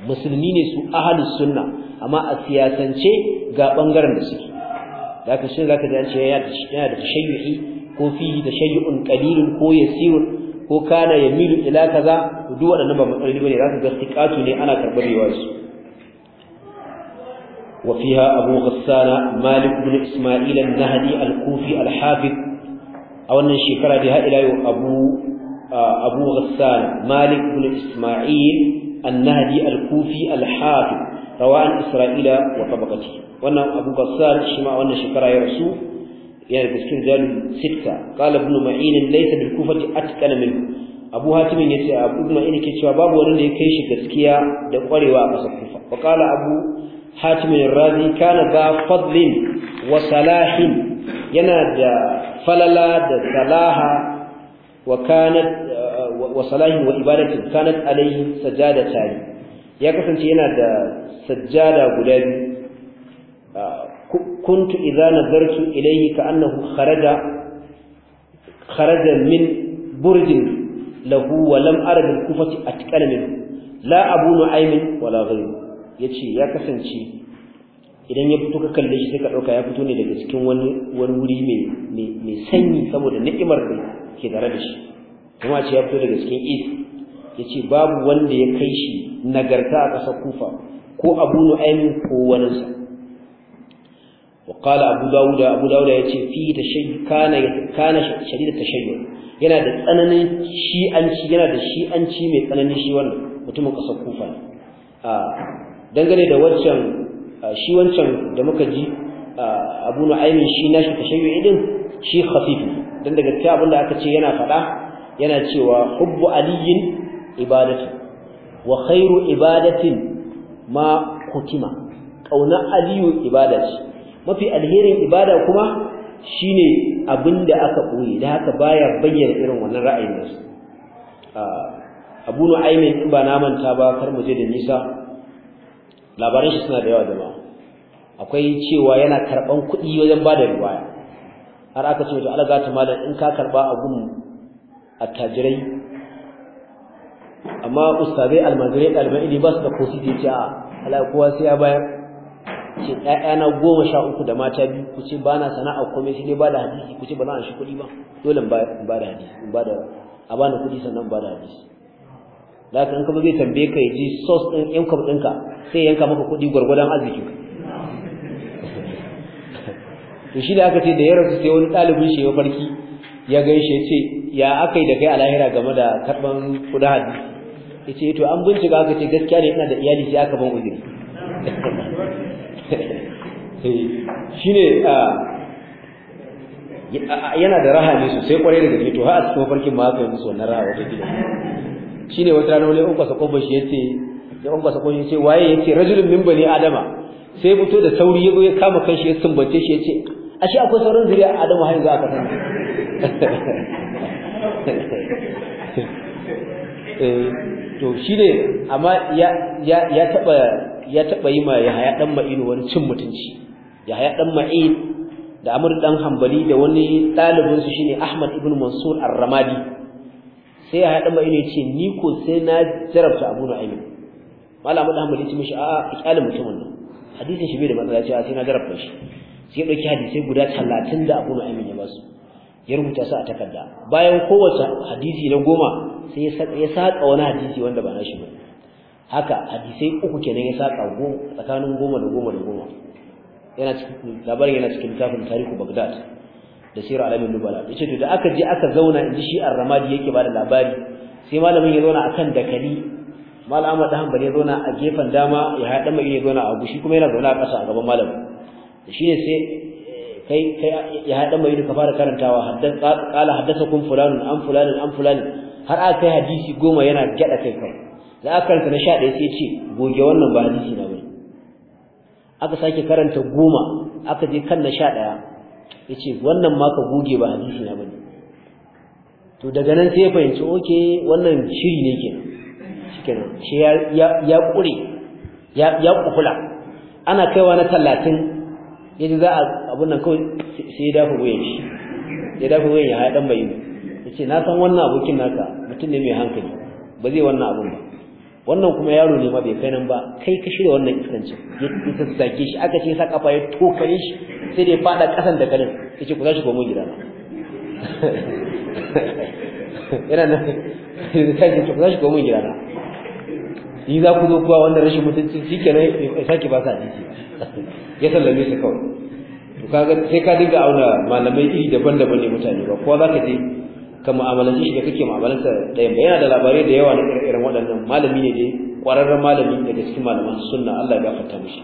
musulmi ne su ahlus sunna amma a siyasance ga bangaren da suke zaka shin zaka ji an ce yana da tashayyu'i ko fihi tashayyu'un qalilun ko yasirun ko kana yamilu ila kaza duk waɗannan ba matsaloli bane zaka ga tiqatu ne ana karbarewa su وفيها أبو غسان مالك بن إسماعيل النهدي الكوفي الحافظ a wannan shekara dai har ila yau abu abu ghassan malik ibn isma'il annahdi al-kufi al-hafiz rawan isra'ila wa tabaqati wannan abu ghassan shi ma wannan shekara ya rasu yana da cikin jalil sitta qala ibn ma'in laysa bil kufati atqal min abu hatim yace abu ibn ma'in yake cewa babu wanda ya kai shi gaskiya da kwarewa a kasar kufa wa qala abu hatim razi kana ba fadlin wa yana da falala da salaha wa kanat wa salahin wa ibadatin kanat alaihi ya kasance yana da sajada guda biyu kuntu izana nazartu ilayhi ka'annahu kharaja kharaja min burjin lahu wa lam ara bil kufati la abu nu'aym wala ghayru Ya ce ya kasance idan ya fito ka kalle shi sai ka ɗauka. ya fito ne daga cikin wani wani wuri mai sanyi saboda ni'imar da ke tare da shi kuma ce ya fito daga cikin ya ce babu wanda ya kai shi nagarta a ƙasar kufa ko abu nu'aymin ko wani sa وقال أبو داود أبو داود يتي في تشي كان كان شديد التشيع yana da tsananin shi yana da mai tsananin shi wannan mutumin kasar kufa a ah, dangane da wancan shi wancan da muka ji abu nu'aymin shi nashi tashayyu'i din shi khafifi dan daga cikin abin da aka ce yana faɗa yana cewa hubbu aliyin ibadatu wa khairu ibadatin ma kutima kauna aliyu ibadati mafi alherin ibada kuma shine abinda aka koyi da haka baya bayyana irin wannan ra'ayin nasu Abu Nu'aymin in ba na manta ba kar mu je da nisa labarin shi suna da yawa jama'a akwai cewa yana karban kuɗi wajen bada riwaya har aka ce to Allah zata malam in ka karba abun attajirai amma ustazai almajirai dalibai ilimi ba su da kosi da ce a Allah kowa sai ya bayar ce ɗaya goma sha uku da mata biyu ku ce ba na sana'a komai sai dai ba da hadisi ku ce ba na shi kuɗi ba dole in ba da hadisi in ba da a bani kuɗi sannan ba da hadisi da ka in kuma zai tambaye ka ya ji source ɗin income ɗinka sai yanka maka kuɗi gurgurdan arziki [laughs] to shi da aka ce da ya rasu sai wani ɗalibin shi ya farki ya gaishe ce ya akai da kai al'ahira game da karban kuɗin hadisi yace ce to an bincika aka ce gaskiya ne ina da iyali sai aka ban uzuri [laughs] eh, shi ne yana da rahani sosai kwarai da gaske to har a cikin farkin ma aka yi musu wannan raha wata gida shine wata rana wani unkwasa kofar shi yace ya unkwasa ya yace waye yace rajulun min bani adama sai fito da sauri yazo ya kama shi ya sumbace shi yace ashe akwai sauran zuriya adama har yanzu aka sani [laughs] eh to shine amma ya ya ya taba ya taba yi ma Yahaya dan ma'inu wani cin mutunci Yahaya dan Ma'in da Amr dan Hanbali da wani dalibin su shine Ahmad ibn Mansur Ar-Ramadi sai ya haɗa ya ce ni ko sai na jarabta abu na aimin malam da hamadu ya ce mishi a ikyalin mutumin nan hadisin shi bai da matsala cewa sai na jarabta shi sai ya ɗauki hadisai guda talatin da abu na aimin ya ba su ya rubuta su a takarda bayan kowace hadisi na goma sai ya saƙa wani hadisi wanda ba na shi ba haka hadisai uku kenan ya saƙa tsakanin goma da goma da goma yana cikin labarin yana cikin littafin tarihu bagdad da sirr alamin nubala yace to da aka je aka zauna inji shi ar-ramadi yake bada labari sai malamin ya zauna akan dakali malam Ahmad Hanbal ya zauna a gefen dama ya haɗa mai ya zauna a gushi kuma yana zauna a ƙasa a gaban malam shine sai kai kai ya haɗa mai ka fara karantawa haddan qala haddathakum fulanun an fulanun an fulan har aka kai hadisi goma yana gyada kai kai da aka karanta na 11 sai ce goge wannan ba hadisi na bane aka sake karanta goma aka je kan na 11 yace wannan ma ka goge ba hadisi na bane to daga nan sai ya fahimci oke wannan shiri ne kenan shikenan shi ya ya kure ya ya kufula ana kaiwa na 30 yaji za a abun nan kawai sai ya dafa goyen shi ya dafa goyen ya dan bayu yace na san wannan abokin naka mutum ne mai hankali ba zai wannan abun ba wannan kuma yaro ne ma bai kai nan ba kai ka shirya wannan iskancin ya sassake shi aka ce sa kafa ya tokare shi sai dai fada kasan da kanin yace ku tashi komo gidana [laughs] yana nan sai ku tashi komo gidana yi za ku zo kuwa wannan rashin mutunci shikenan ya sake ba sa hadisi ya sallame shi kawai to kaga sai ka dinga auna malamai iri daban-daban ne mutane ba kowa ka je ka mu'amalanci shi da kake mu'amalanta da ba yana da labarai da yawa na irin waɗannan malami ne dai ƙwararren malami daga cikin malaman sunna Allah ya fata mishi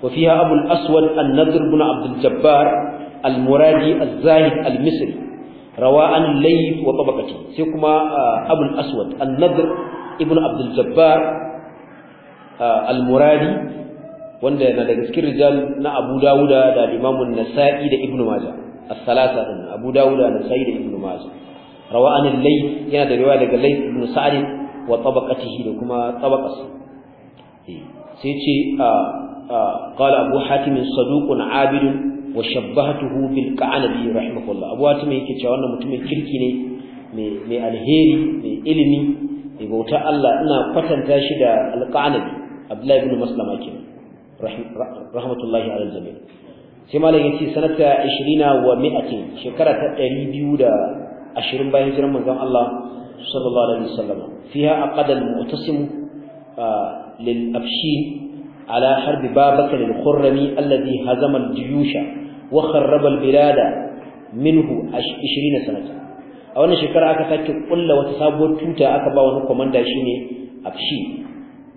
wa fiha abu al-aswad an-nadr ibn abd al-jabbar al-muradi az-zahid al-misri rawa an layth wa tabaqati sai kuma uh, abu al-aswad an-nadr ibn abd al-jabbar uh, al-muradi wanda yana daga cikin rijal na Abu Dawuda da Imam an-Nasa'i da Ibn Majah as-salasa din Abu Dawuda da Ibn Majah rawa an lay yana da riwaya daga lay ibn sa'd wa tabaqatihi da kuma tabaqas eh, sai ce qala abu hatim saduqun abid wa shabbahatuhu bil ka'anabi rahimahullah abu hatim yake cewa wannan mutumin kirki ne mai alheri mai ilimi mai bauta Allah ina kwatanta shi da alqanabi abdullahi ibn maslama ke. rahmatullahi alal jami' sai malam yace sanata 20 wa 200 shekara ta 200 da ashirin bayan hijiran manzon Allah sallallahu alaihi wasallam fiha aqada al-mu'tasim ah, lil abshin ala harb babakar al-khurrami alladhi hazama al-juyusha wa kharraba al-bilada minhu 20 sanata a wannan shekara aka sake kulla wata sabuwar tuta aka ba wani komanda shine abshi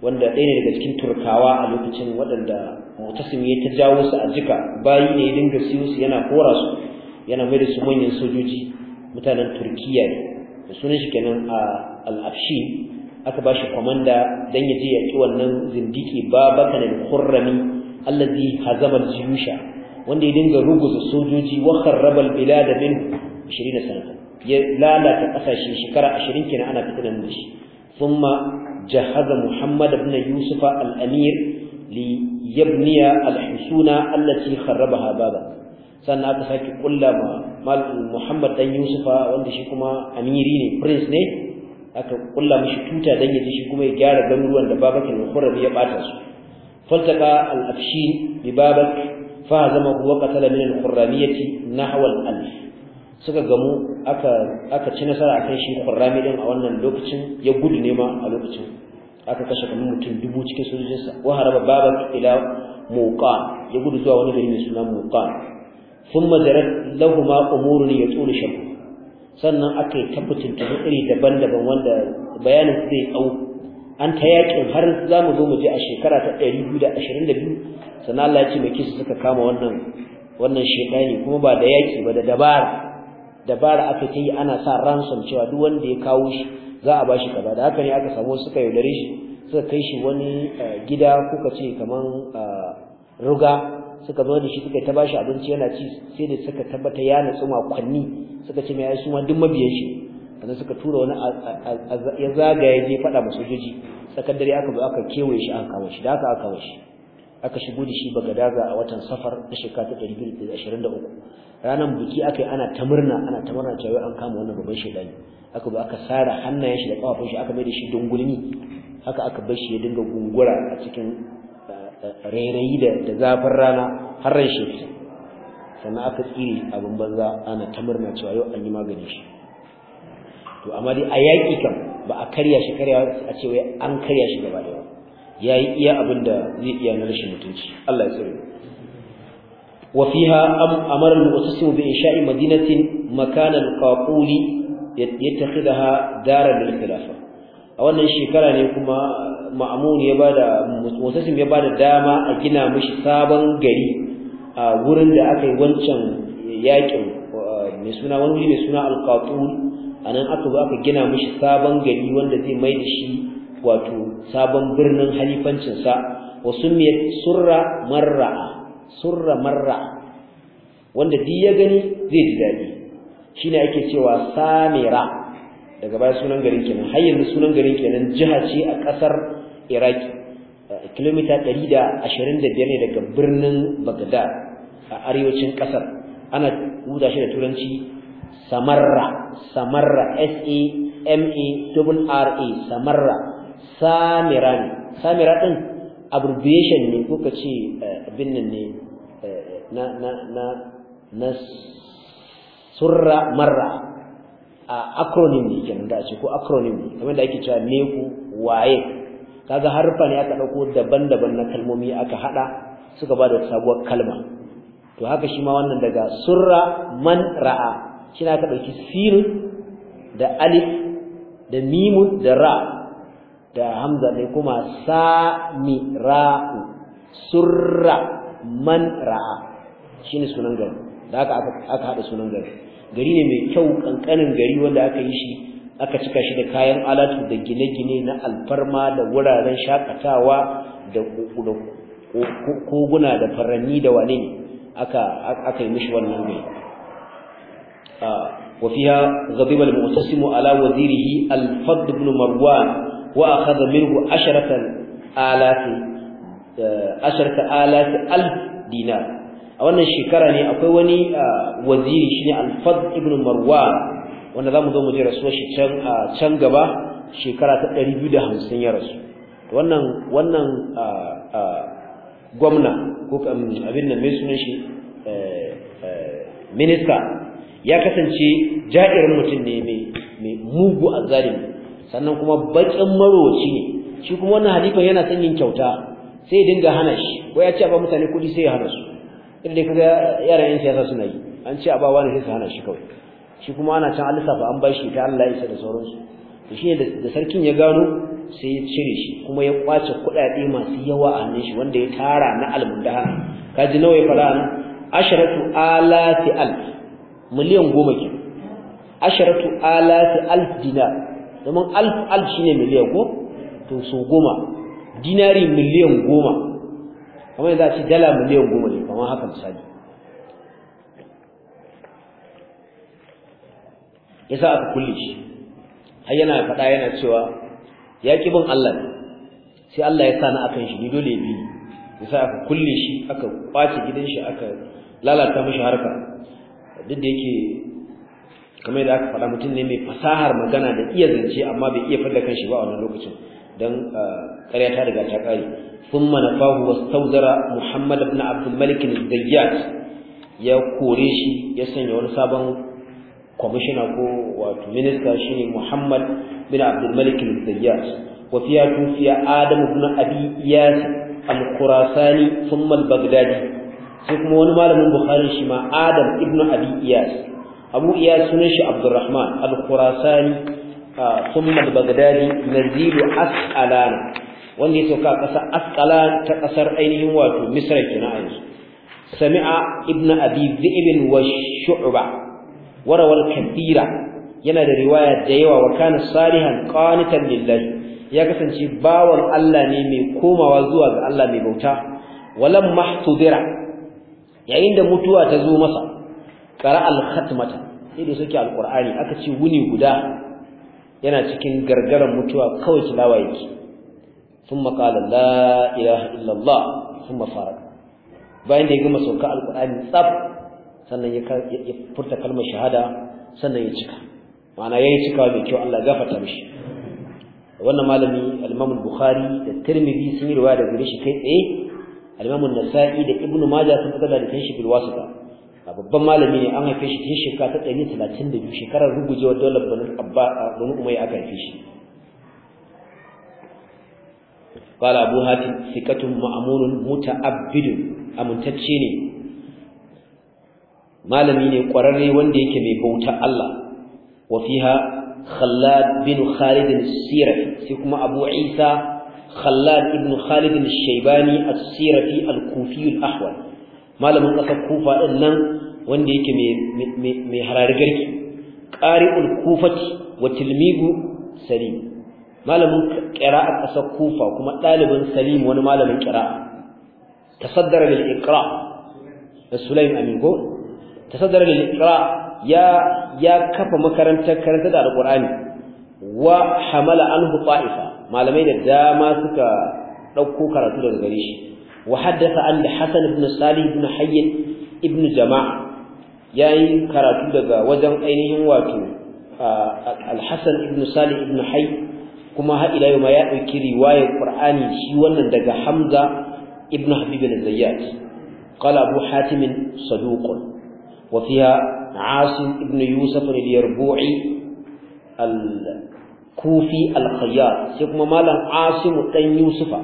wanda ɗaya ne daga cikin turkawa a lokacin waɗanda mutasim ya ta jawo su a jika bayi ne ya dinga siyo su yana kora su yana mai da su manyan sojoji mutanen turkiya ne da sunan shi kenan a al'afshi aka ba shi kwamanda don ya je ya ƙi wannan zindiki ba baka da kurrami allazi hazamar wanda ya dinga ruguza sojoji wa kharrabal bilad min 20 sanata ya lalata kasashe shekara 20 kenan ana fitinan da shi thumma jahaza muhammad ibn yusufa al-amir li yabniya al-husuna allati kharrabaha baba sannan aka sake kulla ma Muhammad dan Yusufa wanda shi kuma amiri ne prince ne aka kulla mishi tuta dan yaji shi kuma ya gyara garuruwan da babakin al ya bata su faltaka al-afshin bi Babak fa zama huwa qatala min al-khurramiyyati nahwa al-alf suka gamu aka aka ci nasara akan shi khurrami din a wannan lokacin ya gudu ne ma a lokacin aka kashe kamar mutum dubu cikin sojojinsa wa haraba Babak ila Muqan ya gudu zuwa wani gari mai suna Muqan thumma darat lahumu ya yatulu shabu sannan aka yi tabbatin ta iri daban-daban wanda bayanin zai au an ta yakin har za mu zo mu je a shekara ta 222 sannan Allah ya ce mai kisa suka kama wannan wannan shedani kuma ba da yaki ba da dabara dabara aka yi ana sa ransom cewa duk wanda ya kawo shi za a bashi kaza da haka ne aka samu suka yaudare shi suka kai shi wani eh, gida kuka ce kaman eh, ruga suka zo da shi suka ta bashi abinci yana ci sai da suka tabbata ya nutsu makonni suka ce mai ai suma duk mabiyan shi sannan suka tura wani ya zagaya je faɗa ma sojoji tsakar dare aka zo aka kewaye shi aka kawo shi da aka kawo shi aka shigo da shi bagadaza a watan safar na shekara ta ɗari biyu da ashirin da uku ranar buki aka yi ana ta murna ana ta murna cewa an kama wannan babban shaidani aka zo aka sara hannayen shi da ƙafafun shi aka mai da shi dungulmi haka aka bar shi ya dinga gungura a cikin rairayi da zafin rana har ran shi sannan aka tsire abin banza ana ta murna cewa yau an yi magani shi to amma dai a yaƙi kam ba a karya shi karyawa a ce wai an karya shi gaba da ya yi iya abin da zai iya na rashin mutunci Allah ya tsare wa fiha amara al mutasim bi insha'i madinatin makana al-qaquli yattakhidha daran lil a wannan shekara ne kuma ma'amun ya bada mutasim ya bada dama a gina mishi sabon gari a gurin da aka yi wancan yakin mai suna wani wuri mai suna a anan aka zo aka gina mishi sabon gari wanda zai mai da shi wato sabon birnin halifancinsa. sa wa sumiyat surra marra surra marra wanda duk ya gani zai ji dadi shine ake cewa samira daga baya sunan garin kenan har yanzu sunan garin kenan jiha ce a ƙasar iraki eh, kilomita ɗari da 125 ne daga birnin bagdad a arewacin ƙasar ana huda shi da turanci samarra samarra s a m a r a samarra samira ne samira ɗin abbreviation ne ko kace eh, abin nan ne eh, na na na surra marra acronym ne kenan da ce ko acronym ne kamar da ake cewa meku waye kaga harfa ne aka dauko daban-daban na kalmomi aka hada suka bada sabuwar kalma to haka shi ma wannan daga surra man ra'a shi aka dauki sin da alif da mim da ra da hamza ne kuma sa mi ra'u surra man ra'a shine sunan gari da haka aka hada sunan gari gari ne mai kyau kankanin gari wanda aka yi shi aka cika shi da kayan alatu da gine-gine na alfarma da wuraren shakatawa da koguna da faranni da wane ne aka yi mishi wannan gari وفيها غضب المعتصم على وزيره الفضل بن مروان وأخذ منه عشرة آلاف عشرة آلاف ألف دينار a wannan shekara ne akwai wani waziri shine al-fadl ibn marwan wanda zamu zo mu je rasuwar shi can gaba shekara ta ɗari biyu da 250 ya rasu wannan wannan gwamna ko abin nan mai sunan shi eh, eh, minista ya kasance ja'irin mutum ne mai mugu a azzalimi sannan kuma bakin marowaci ne shi kuma wannan halifan yana son yin kyauta sai ya dinga hana shi ko ya ce ba mutane kudi sai ya hana su inda kaga yaran yan siyasa suna yi an ce a ne sai su hana shi kawai shi kuma ana can alisafa an bashi ta Allah ya isa da sauransu to ne da sarkin ya gano sai ya cire shi kuma ya kwace kuɗaɗe masu yawa a hannun shi wanda ya tara na almundaha kaji nawa ya fara nan asharatu alati alf miliyan goma ke asharatu alati alf dinar domin alf alf shine miliyan ko to so goma dinari miliyan goma kamar yanzu a ci dala miliyan goma ne kamar haka misali yasa aka kulle shi har yana faɗa yana cewa ya ƙi bin Allah sai Allah ya sa na akan shi ni dole ya bi yasa aka kulle shi aka kwace gidan shi aka lalata mishi harka duk da yake kamar da aka faɗa mutum ne mai fasahar magana da iya zance amma bai iya fadda kanshi ba a wannan lokacin don ah, ƙarya ta riga ta ƙare thumma nafahu wastawdara muhammad ibn abdul malik al-zayyat ya kore shi ya sanya wani sabon kwamishina ko wato minista shine muhammad bin abdul malik al-zayyat wa fiya tufiya adam ibn abi ya al-khurasani thumma al-baghdadi sai kuma wani malamin bukhari shi ma adam ibn abi iyas abu iyas sunan shi abdurrahman al-khurasani ah, thumma al-baghdadi nazilu as'alana wanda ya sauka a asqalan ta ƙasar ainihin wato misra kenan yanzu sami'a ibn abi dhi'b wa shu'ba wa rawal kabira yana da riwaya da yawa wa kana salihan qanitan lillahi ya kasance bawan Allah ne mai komawa zuwa ga Allah mai bauta walam mahtudira yayin da mutuwa ta zo masa qara al khatmata sai da suke alqur'ani aka ce wuni guda yana cikin gargaran mutuwa kawai tilawa yake ثم قال لا إله إلا الله ثم فارق bayan da ya gama sauka alkur'ani tsaf sannan ya furta kalmar shahada sannan ya cika ma'ana yayi cika mai kyau Allah ya gafarta mishi wannan malami al-Imam bukhari da Tirmidhi sun yi riwaya daga shi kai tsaye al-Imam nasai da Ibn Majah sun fitar da kan shi bil wasita babban malami ne an haife shi tun shekara ta 132 shekarar rugujewar daular Banu Abba Banu Umayya aka haife shi قال أبو هاتم ثقة مأمون متعبد أمنتتشي ne malami ne ƙwararre, wanda yake mai bauta Allah wafiha fiha Khallad bin Khalid al-Sirafi kuma Abu Isa Khallad ibn Khalid al-Shaybani al-Sirafi al-Kufi al-Ahwal malamin kasar Kufa din nan wanda yake mai mai harare garki kufati wa tilmibu salim malamin qira'a ƙasar Kufa kuma ɗalibin Salim wani malamin qira'a tasaddara lil iqra Sulaim Amin ko tasaddara lil iqra ya ya kafa makarantar karanta da alqur'ani wa hamala anhu ta'ifa malamai da dama suka dauko karatu daga gare shi wa haddatha an Hasan ibn Salih ibn Hayy ibn Jama'a yayi karatu daga wajen ainihin wato Al-Hasan ibn Salih ibn Hayy kuma har ila ma ya dauki riwayar Qur'ani shi wannan daga Hamza ibn Habib al-Zayyat qala Abu Hatim saduq wa fiha Asim ibn Yusuf al-Yarbu'i al-Kufi al-Khayyat sai kuma malam Asim dan Yusufa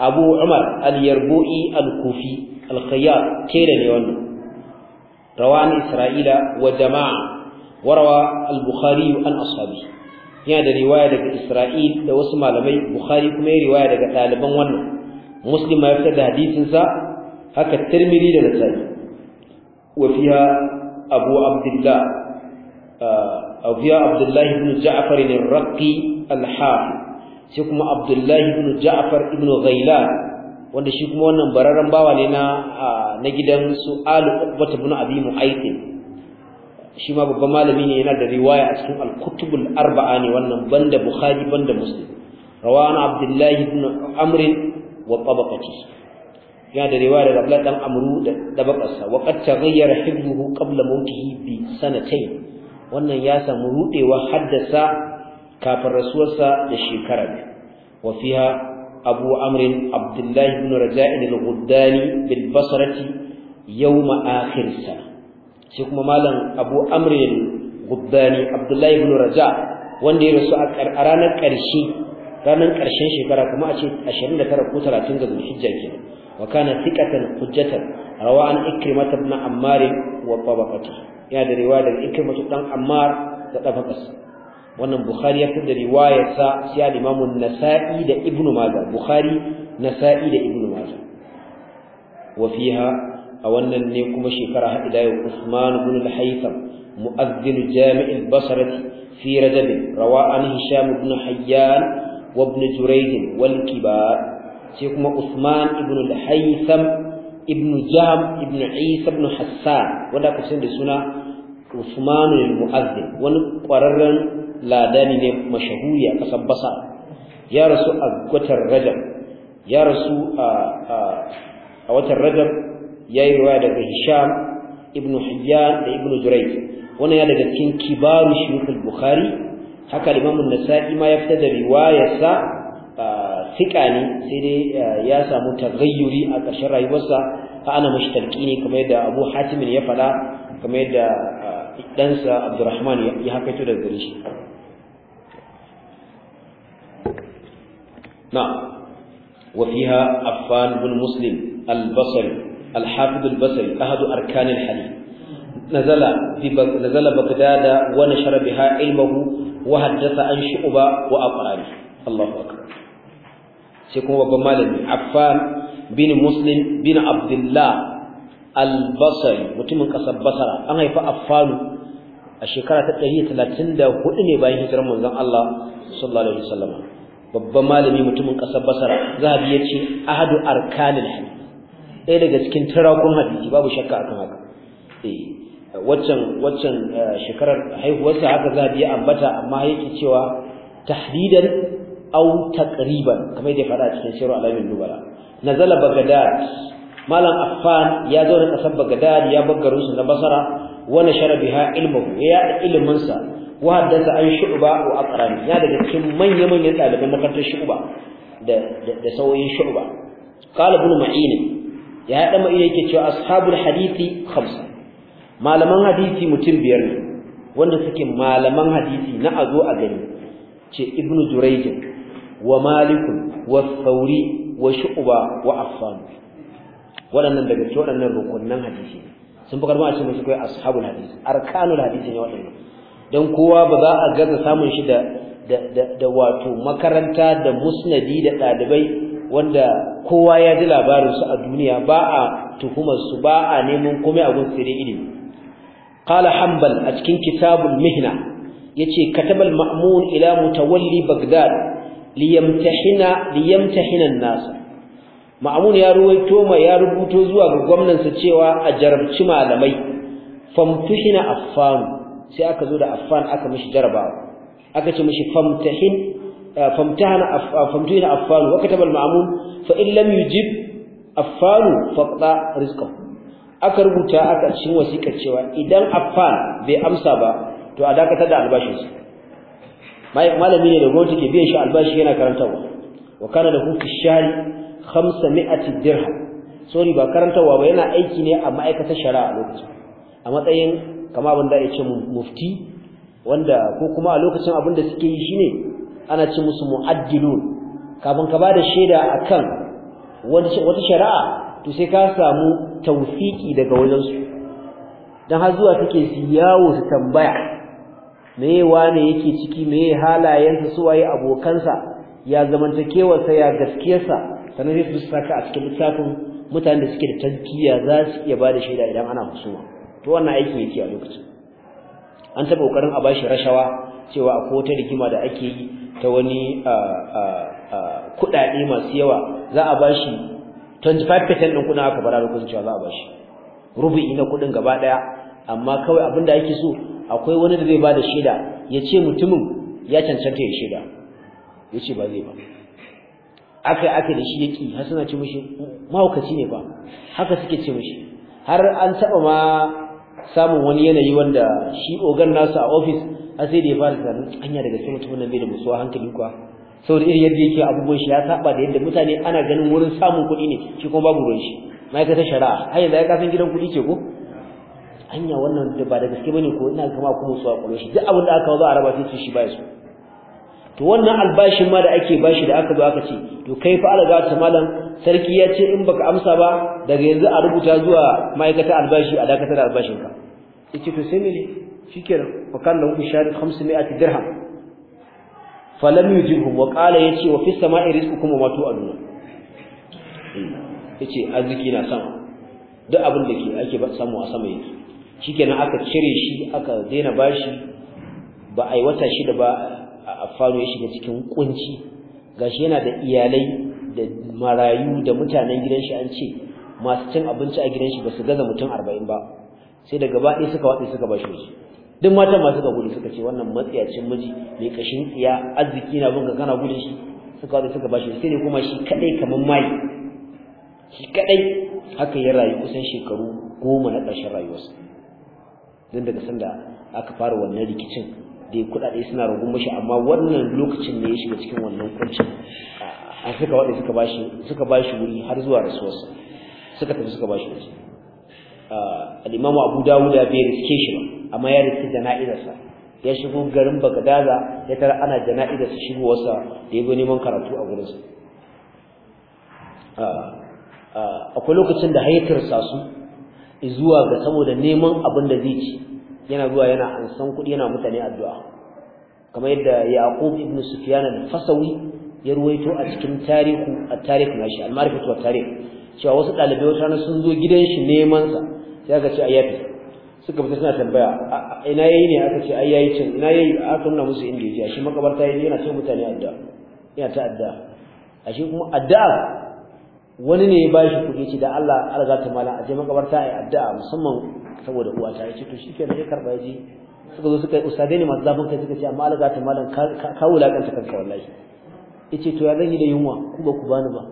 Abu Umar al-Yarbu'i al-Kufi al-Khayyat kire ne wannan rawan Isra'ila wa jama'a وروى البخاري عن أصحابه yana da riwaya daga Isra'il da wasu malamai Bukhari kuma ya riwaya daga ɗaliban wannan Muslim ya fitar da hadisin sa haka Tirmidhi da Nasa'i wa fiha Abu Abdullah aw ah, fiha Abdullah ibn Ja'far Ibn raqi al-Hafiz sai kuma Abdullah ibn Ja'far ibn Ghailan wanda shi kuma wannan bararren bawa ne na ah, na gidan su Alu Uqbah ibn Abi Mu'ayth shi ma babban malami ne yana da riwaya a cikin al-kutubul arba'a ne wannan banda bukhari banda muslim rawana abdullah ibn amr wa tabaqati yana da riwaya daga abdullah dan amru da tabaqarsa wa qad taghayyara hibbuhu qabla mawtihi bi sanatayn wannan ya samu rudewa haddasa kafin rasuwarsa da shekara biyu wa fiha abu amr abdullah ibn raja'in al-ghuddani bil basrati yawma akhir sana shi kuma malam abu amrin gubbani abdullahi ibn raja wanda ya rasu a ranar ƙarshe ranar ƙarshen shekara kuma a ce 29 ko 30 ga zulhijja kenan wa kana thiqatan hujjatan rawa an ikrimah ibn ammar wa tabaqati ya da riwaya daga ikrimah dan ammar da tabaqas wannan bukhari ya fitar da riwayar sa sai al-imam an-nasa'i da ibn majah bukhari nasa'i da ibn majah wa fiha a wannan ne kuma shekara har ila yau Usman ibn al-Haytham mu'azzin jami' al fi Rajab rawa an Hisham ibn Hayyan wa ibn Jurayj wal Kibar sai kuma Usman ibn al-Haytham ibn Jam ibn Isa ibn Hassan wanda aka san da suna Usman al-Mu'azzin wani kwararren ladani ne mashahuri a kasar Basra ya rasu a Rajab ya rasu a watan Rajab ya yi daga hisham ibn hujjan da ibn zurai wannan ya daga cikin kibaru shuyukul bukhari haka an nasa'i ma ya fita da riwayarsa sika ne sai dai ya samu tagayyuri a ƙarshen rayuwarsa fa ana mushtarki ne kamar yadda abu Hatim ya faɗa kamar yadda ɗansa abdurrahman ya hakaito da gare shi na وفيها عفان Muslim al-Basri الحافظ البصري أحد أركان الحديث نزل نزل بغداد ونشر بها علمه وحدث عن شعبة وأقرانه الله أكبر سيكون بابا مالمي عفان بن مسلم بن عبد الله البصري متمن قصر بصرة أنا يفا أفان الشكرة تتهي تلاتين دا هدني باين هجرة من الله صلى الله عليه وسلم بابا مالمي متمن قصر بصرة ذهب يتي أحد أركان الحديث ɗaya daga cikin turakun hadisi babu shakka akan haka eh, waccan waccan eh, shekarar haihuwarsa haka za biya ambata amma yake cewa tahdidan aw taqriban kamar da fara cikin shiru alamin dubara. nazala bagdad malam affan ya zauna kasar bagdad ya baggaru su na basara wa nashara biha ilmuhu ya ilmin sa wa haddatha an shu'ba wa aqran ya daga cikin manyan manyan daliban makarantar shu'ba da da sauyin shu'ba qala ibn ma'in ya dama ila yake cewa ashabul hadisi khamsa malaman hadisi mutum biyar ne wanda suke malaman hadisi na azo a gani ce ibnu jurayj wa malik wa thauri wa shu'ba wa affan waɗannan daga cikin waɗannan rukunnan hadisi sun fi a shi su kai ashabul hadisi arkanul hadisi ne waɗannan dan kowa ba za a gaza samun shi da da wato makaranta da musnadi da ɗalibai wanda kowa ya ji labarin su a duniya ba a tuhumar su ba a neman komai a gun sai dai ilimi qala hanbal a cikin kitabul mihna yace katabal ma'mun ila mutawalli bagdad liyamtahina liyamtahina an-nas ma'mun ya ruwaito ma ya rubuto zuwa ga gwamnatin cewa a jarabci malamai famtuhina affan sai aka zo da affan aka mishi jarabawa aka ce mishi famtahin famtahana famtuhina affan wa kataba al-ma'mun fa in lam yujib affan faqta rizqahu aka rubuta aka cikin wasiƙa cewa idan affan bai amsa ba to a dakatar da albashinsa malami ne da gwamnati ke biyan shi albashi yana karantarwa wa kana da kuka shari 500 dirham sori ba karantarwa ba yana aiki ne a ma'aikatar shari'a a lokacin a matsayin kama abin da ya ce mufti wanda ko kuma a lokacin abin da suke yi shine ana ce musu mu'addilun kafin ka bada shaida akan wata shari'a to sai ka samu tawfiki daga wajen su dan har zuwa take su yawo su tambaya me wane yake ciki me halayensa su waye abokansa ya sa ya gaskiyarsa sanan sai su saka a cikin littafin mutanen da suke da tankiya za su iya bada shaida idan ana musuwa to wannan aikin yake a lokacin an taba ƙoƙarin a bashi rashawa cewa akwai wata rigima da ake yi ta wani kuɗaɗe masu yawa za a bashi 25% ɗin kuɗin aka bara lokacin cewa za a bashi rubu'i na kuɗin gaba ɗaya amma kawai abin da ake so akwai wani da zai ba da shaida ya ce mutumin ya cancanta ya shaida ya ce ba zai ba aka aka da shi ya ƙi har suna ce mishi mahaukaci ne ba haka suke ce mishi har an taɓa ma samun wani yanayi wanda shi ogan nasu a ofis A sai da ya fara zanen hanya daga cikin mutum nan bai da musuwa hankali kuwa saboda irin yadda yake abubuwan shi ya saba da yadda mutane ana ganin wurin samun kuɗi ne shi kuma babu ruwan shi ma'aikatar shari'a har yanzu ya kasan gidan kuɗi ce ko hanya wannan da ba da gaske bane ko ina kama kuma su akwai shi duk abin da aka zo a raba sai shi ba so. to wannan albashin ma da ake bashi da aka zo aka ce to kai fa alaga ta malam sarki ya ce in baka amsa ba daga yanzu a rubuta zuwa ma'aikatar albashi a dakatar da yace to sai shikenan fa kan lahu isharat 500 dirham falam yujibhu wa qala yace wa fis sama'i rizqukum wa ma tu'adun yace arziki na sama duk abin da ke ake samu a sama yake shikenan aka cire shi aka daina bashi ba ai wata shida ba a faru ya shiga cikin kunci gashi yana da iyalai da marayu da mutanen gidan shi an ce masu cin abinci a gidan shi ba su gaza mutum arba'in ba sai da gaba suka watsa suka ba shi waje duk mata masu ga gudu suka ce wannan matsiyacin miji mai kashin tsiya arziki na bunka kana gudun shi suka zo suka bashi sai ne kuma shi kadai kaman mai shi kadai haka ya rayu kusan shekaru goma na ƙarshen rayuwarsa don daga sanda aka fara wannan rikicin da ya kuɗaɗe suna ragun mashi amma wannan lokacin ne ya shiga cikin wannan kuncin a suka waɗe suka bashi wuri har zuwa rasuwarsa suka tafi suka bashi waje al-Imam Abu Dawud ya bayar riske shi amma ya riske sa ya shigo garin Bagdada ya tara ana jana'izar su sa da ya neman karatu a gurin gurinsa akwai lokacin da haikar su zuwa ga saboda neman abin da zai ci yana zuwa yana ansan kuɗi yana mutane addu'a kamar yadda Yaqub ibn Sufyan al-Fasawi ya ruwaito a cikin tarihu a tarikh nashi al-ma'rifatu wa tarikh cewa wasu ɗalibai wata sun zo gidan shi neman sa sai aka ce ai suka fita suna tambaya ina yayi ne aka ce ayayi cin ina yayi aka nuna musu inda yaji shi makabarta yayi yana cin mutane adda yana ta adda ashe kuma adda wani ne ya bashi kuɗi ce da Allah alga ta malam aje makabarta ai addu'a musamman saboda uwa ta yace to shikenan ya karba yaji suka zo suka yi ustadai ne masu zafin kai suka ce amma Allah zata malam ka wulakanta kanka wallahi yace to ya zan yi da yunwa ku ba ku bani ba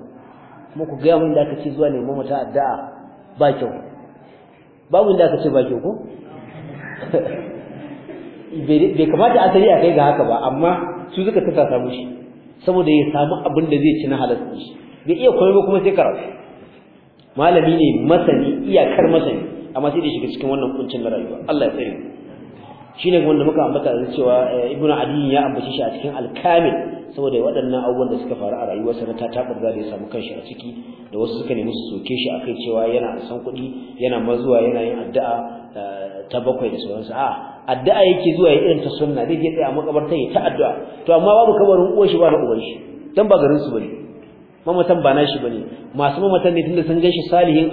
kuma ku ga mun da aka ce zuwa neman mata addu'a ba kyau babu inda aka ce ba ke ko bai kamata a asali a kai ga haka ba amma su suka tasa samu shi saboda ya samu abin da zai ci na halatta shi bai iya koyo ba kuma sai karatu malami ne masani iyakar masani amma sai da shiga cikin wannan kuncin na rayuwa Allah ya tsare mu shine wanda muka ambata da cewa eh, ibnu adi ya ambace shi a cikin al-kamil saboda waɗannan abubuwan da suka faru a rayuwarsa na tataburza da ya samu kanshi a ciki da wasu suka nemi su soke shi akai cewa yana san kuɗi yana mazuwa yana yin addu'a eh, ta bakwai da sauransu a addu'a yake zuwa irin ta sunna zai je tsaya a makabarta ya ta addu'a to amma babu kabarin uwar shi ba na uwar shi dan ba garin su bane mamatan ba nashi bane masu mamatan ne tunda sun shi salihin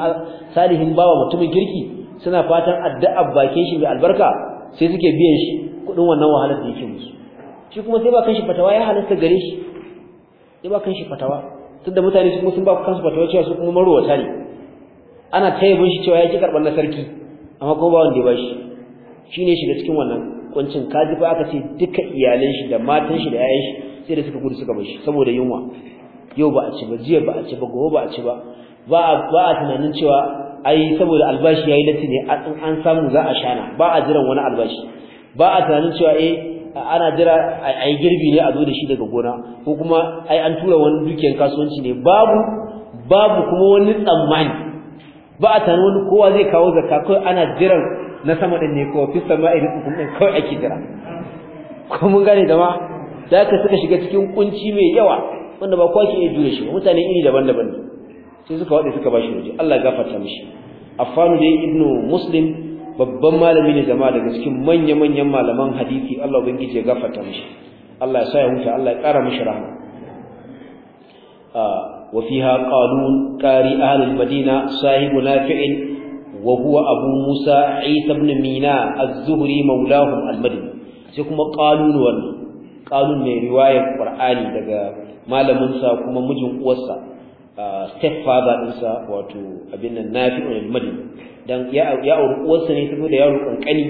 salihin bawa mutumin kirki suna fatan addu'a bakin shi mai albarka sai suke biyan shi kudin wannan wahalar da yake musu shi kuma sai ba kan shi fatawa ya halatta gare shi sai ba kan shi fatawa tunda mutane su sun ba kansu fatawa cewa su kuma marowata ne ana tayyabin shi cewa ya ki karɓar na sarki amma kuma ba wanda ya bashi shine shiga cikin wannan kuncin kaji fa aka ce duka iyalan shi da matan shi da yayan shi sai da suka gudu suka bar shi saboda yunwa yau ba a ci ba jiya ba a ci ba gobe ba a ci ba ba a tunanin cewa ai saboda albashi yayi latti ne an samu za a shana ba a jiran wani albashi ba a tunanin cewa eh ana jira ai girbi ne a zo da shi daga gona ko kuma ai an tura wani dukiyar kasuwanci ne babu babu kuma wani tsammani ba a tunanin wani kowa zai kawo zakka ko ana jiran na sama din ne ko fi sama irin kun din kawai ake jira ko mun gane da ma da ka suka shiga cikin kunci mai yawa wanda ba kowa ke iya jure shi mutane iri daban-daban ne sai suka wade suka bashi waje Allah ya gafarta mishi Affan dai ibnu Muslim babban malami ne jama'a daga cikin manya-manyan malaman hadisi Allah ubangiji ya gafarta mishi Allah ya sa ya huta Allah ya kara mishi rahama ah, wa fiha qalun qari ahli al-Madina sahibu nafi'in wa huwa Abu Musa Isa ibn Mina az-Zuhri maulahu al-Madini sai kuma qalun wannan qalun ne riwayar Qur'ani daga malamin sa kuma mijin uwarsa step father ɗinsa wato abin nan nafi'u ne madina dan ya ya auri uwarsa ne tafi da yaro kankani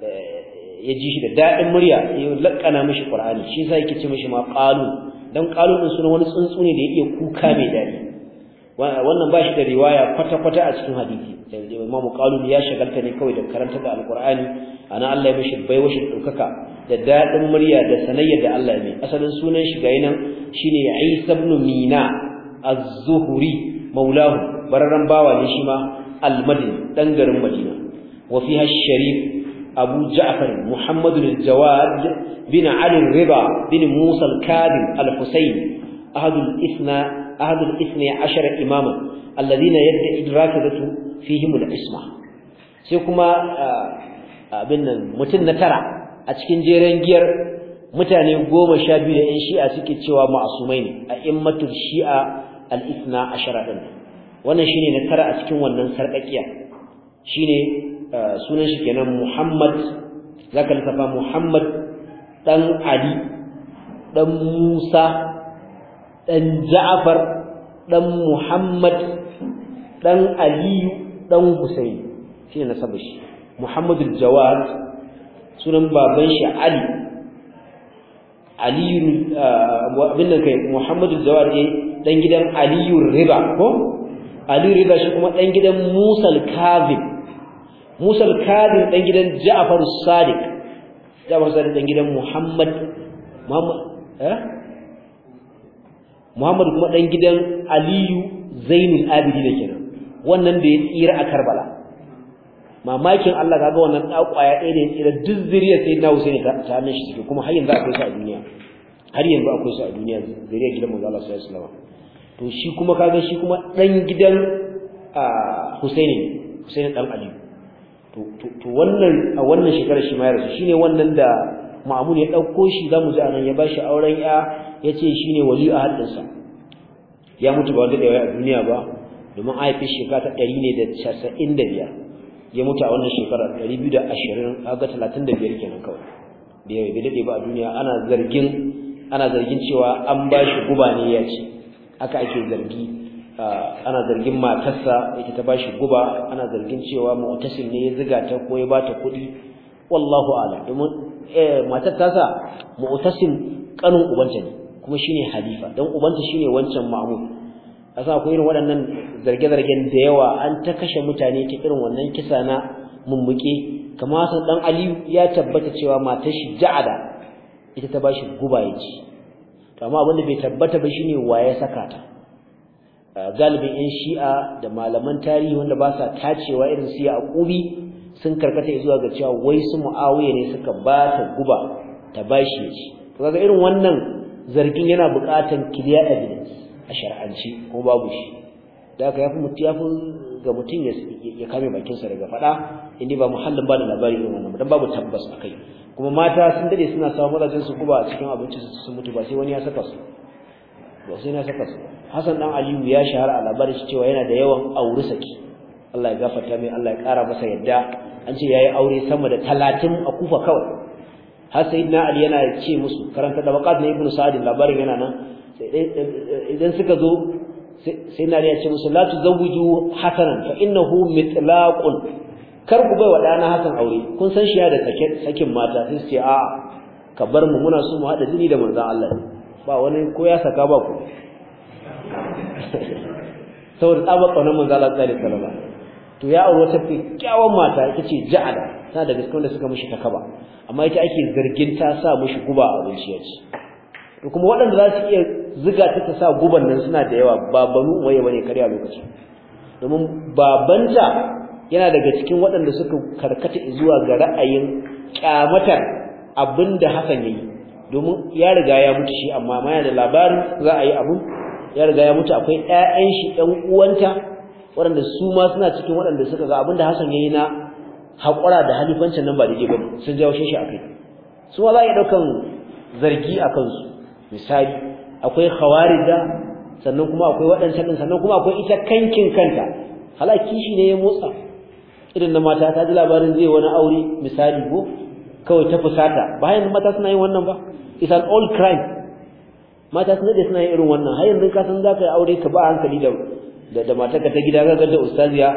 eh, ya ji shi da daɗin murya ya laƙana mishi qur'ani shi yasa yake ce mishi ma qalu dan qalu din sunan wani tsuntsu ne da ya iya kuka mai daɗi wannan ba shi da riwaya kwata kwata a cikin hadisi eh, imamu qalu ya shagalta ne kawai da karanta da alqur'ani ana Allah ya mishi baiwa shi daukaka da daɗin murya da sanayyar da Allah ya mai asalin sunan shi ga yinan shine Isa ibn Mina az-zuhri mawlahu bararan bawa ne shi ma al-madina dan garin madina wafiha fiha ash-sharif abu Muhammadu muhammad al bin ali al-riba musa al-kadim al-husayn ahad al-ithna ahad al-ithna ashara imama alladhina yadda idrakatu isma sai kuma ah, abin na tara a cikin jeren giyar mutane goma sha biyu da yan shi'a suke cewa ma'asumai ne a immatul shi'a al-ithna ashara din wannan shine na tara a cikin wannan sarkakiya shine uh, sunan shi kenan Muhammad zaka lissafa Muhammad dan Ali dan Musa dan Ja'far dan Muhammad dan Aliyu dan Husayn shine saba shi al Jawad sunan baban shi Ali aliyu uh, abin nan kai muhammadu jawar eh, dan gidan aliyu riba ko aliyu riba shi kuma dan gidan al-Kadhib Musa al-Kadhib dan gidan ja'far sadiq ja'far sadiq dan gidan muhammad muhammad eh muhammad kuma dan gidan aliyu zainul abidin kenan wannan da ya tsira a karbala mamakin Allah kaga wannan dakwaya ɗaya ne tsira duk zuriyar sai na Husaini ta amince shi kuma har yanzu akwai su a duniya har yanzu akwai su a duniya zuriyar gidan manzo Allah sallallahu alaihi wasallam to shi kuma kaga shi kuma dan gidan Husaini Husaini dan Ali to wannan a wannan shekara shi ma ya rasu shine wannan da Ma'mun ya dauko shi zamu ji anan ya bashi auren ya yace shine wali a sa ya mutu ba wanda da a duniya ba domin aifin shekara ta 195 ya mutu a wannan shekarar 220 kaga 35 kenan kawai bai bai dade ba a duniya ana zargin ana zargin cewa an bashi guba ne ya ce Aka ake zargi ana zargin matarsa ita ta bashi guba ana zargin cewa mu'tasim ne ya ziga ta ko ya bata kuɗi wallahu a'lam domin eh, matar sa mu'tasim kanin ubanta ne kuma shine halifa dan ubanta shine wancan ma'mud asa akwai irin waɗannan zarge-zargen da yawa an ta kashe mutane ta irin wannan kisa na mummuke kamar san dan Aliyu ya tabbata cewa matar shi ja'ada ita ta bashi guba yace to amma abin da bai tabbata ba shine waye saka ta galibin yan shi'a da malaman tarihi wanda ba sa tacewa irin su ya aqubi sun karkata zuwa ga cewa wai su muawiya ne suka ba ta guba ta bashi ya to kaga irin wannan zargin yana buƙatan clear evidence a shar'anci ko babu shi da ka yafi mutiya ga mutum ya kame bakinsa daga faɗa inda ba muhallin ba da labari ne wannan dan babu tabbas akai kuma mata sun dade suna samu mazajen su kuba a cikin abinci su mutu ba sai wani ya saka su ba sai na saka su Hassan dan Aliyu ya shahara a labarin shi cewa yana da yawan aure saki Allah ya gafarta mai Allah ya kara masa yadda an ce yayi aure sama da 30 a Kufa kawai har na Ali yana ce musu karanta da waqat na Ibnu sa'id labarin yana nan sai idan suka zo sai na ya ce musu la tuzawwiju hasanan fa innahu mitlaqun kar ku bai wa ɗana hakan aure kun san shi ya da sakin mata sai ce a ka bar mu muna so mu haɗa jini da manzon Allah ba wani ko ya saka ba ku [laughs] saboda tsaba ƙaunar manzon Allah sallallahu alaihi wasallam to ya aure wata kyawun mata ita ce ja'ada tana da gaskon da suka mishi takaba amma ita ake zargin ta sa mishi guba a abinci ya ci to kuma waɗanda za su iya ziga ta sa guban nan suna da yawa babanu waye bane karya lokaci domin babanta yana daga cikin waɗanda suka karkata zuwa ga ra'ayin kyamatar abinda Hassan yayi domin ya riga ya mutu shi amma ma yana da labarin za a yi abun ya riga ya mutu akwai ƴaƴan shi ɗan uwanta waɗanda su ma suna cikin waɗanda suka ga abinda Hassan yayi na haƙura da halifancin nan ba daidai bane sun jawo shi akai su ma za a yi ɗaukan zargi a kansu misali akwai khawarija sannan kuma akwai waɗancan sannan kuma akwai ita kankin kanta halaki shi ne ya motsa irin na mata ta ji labarin zai wani aure misali ko kawai ta fusata bayan mata suna yin wannan ba it's an old crime mata suna da suna yin irin wannan har yanzu ka san za ka yi aure ka ba hankali da da ka ta gida ga da ustaziya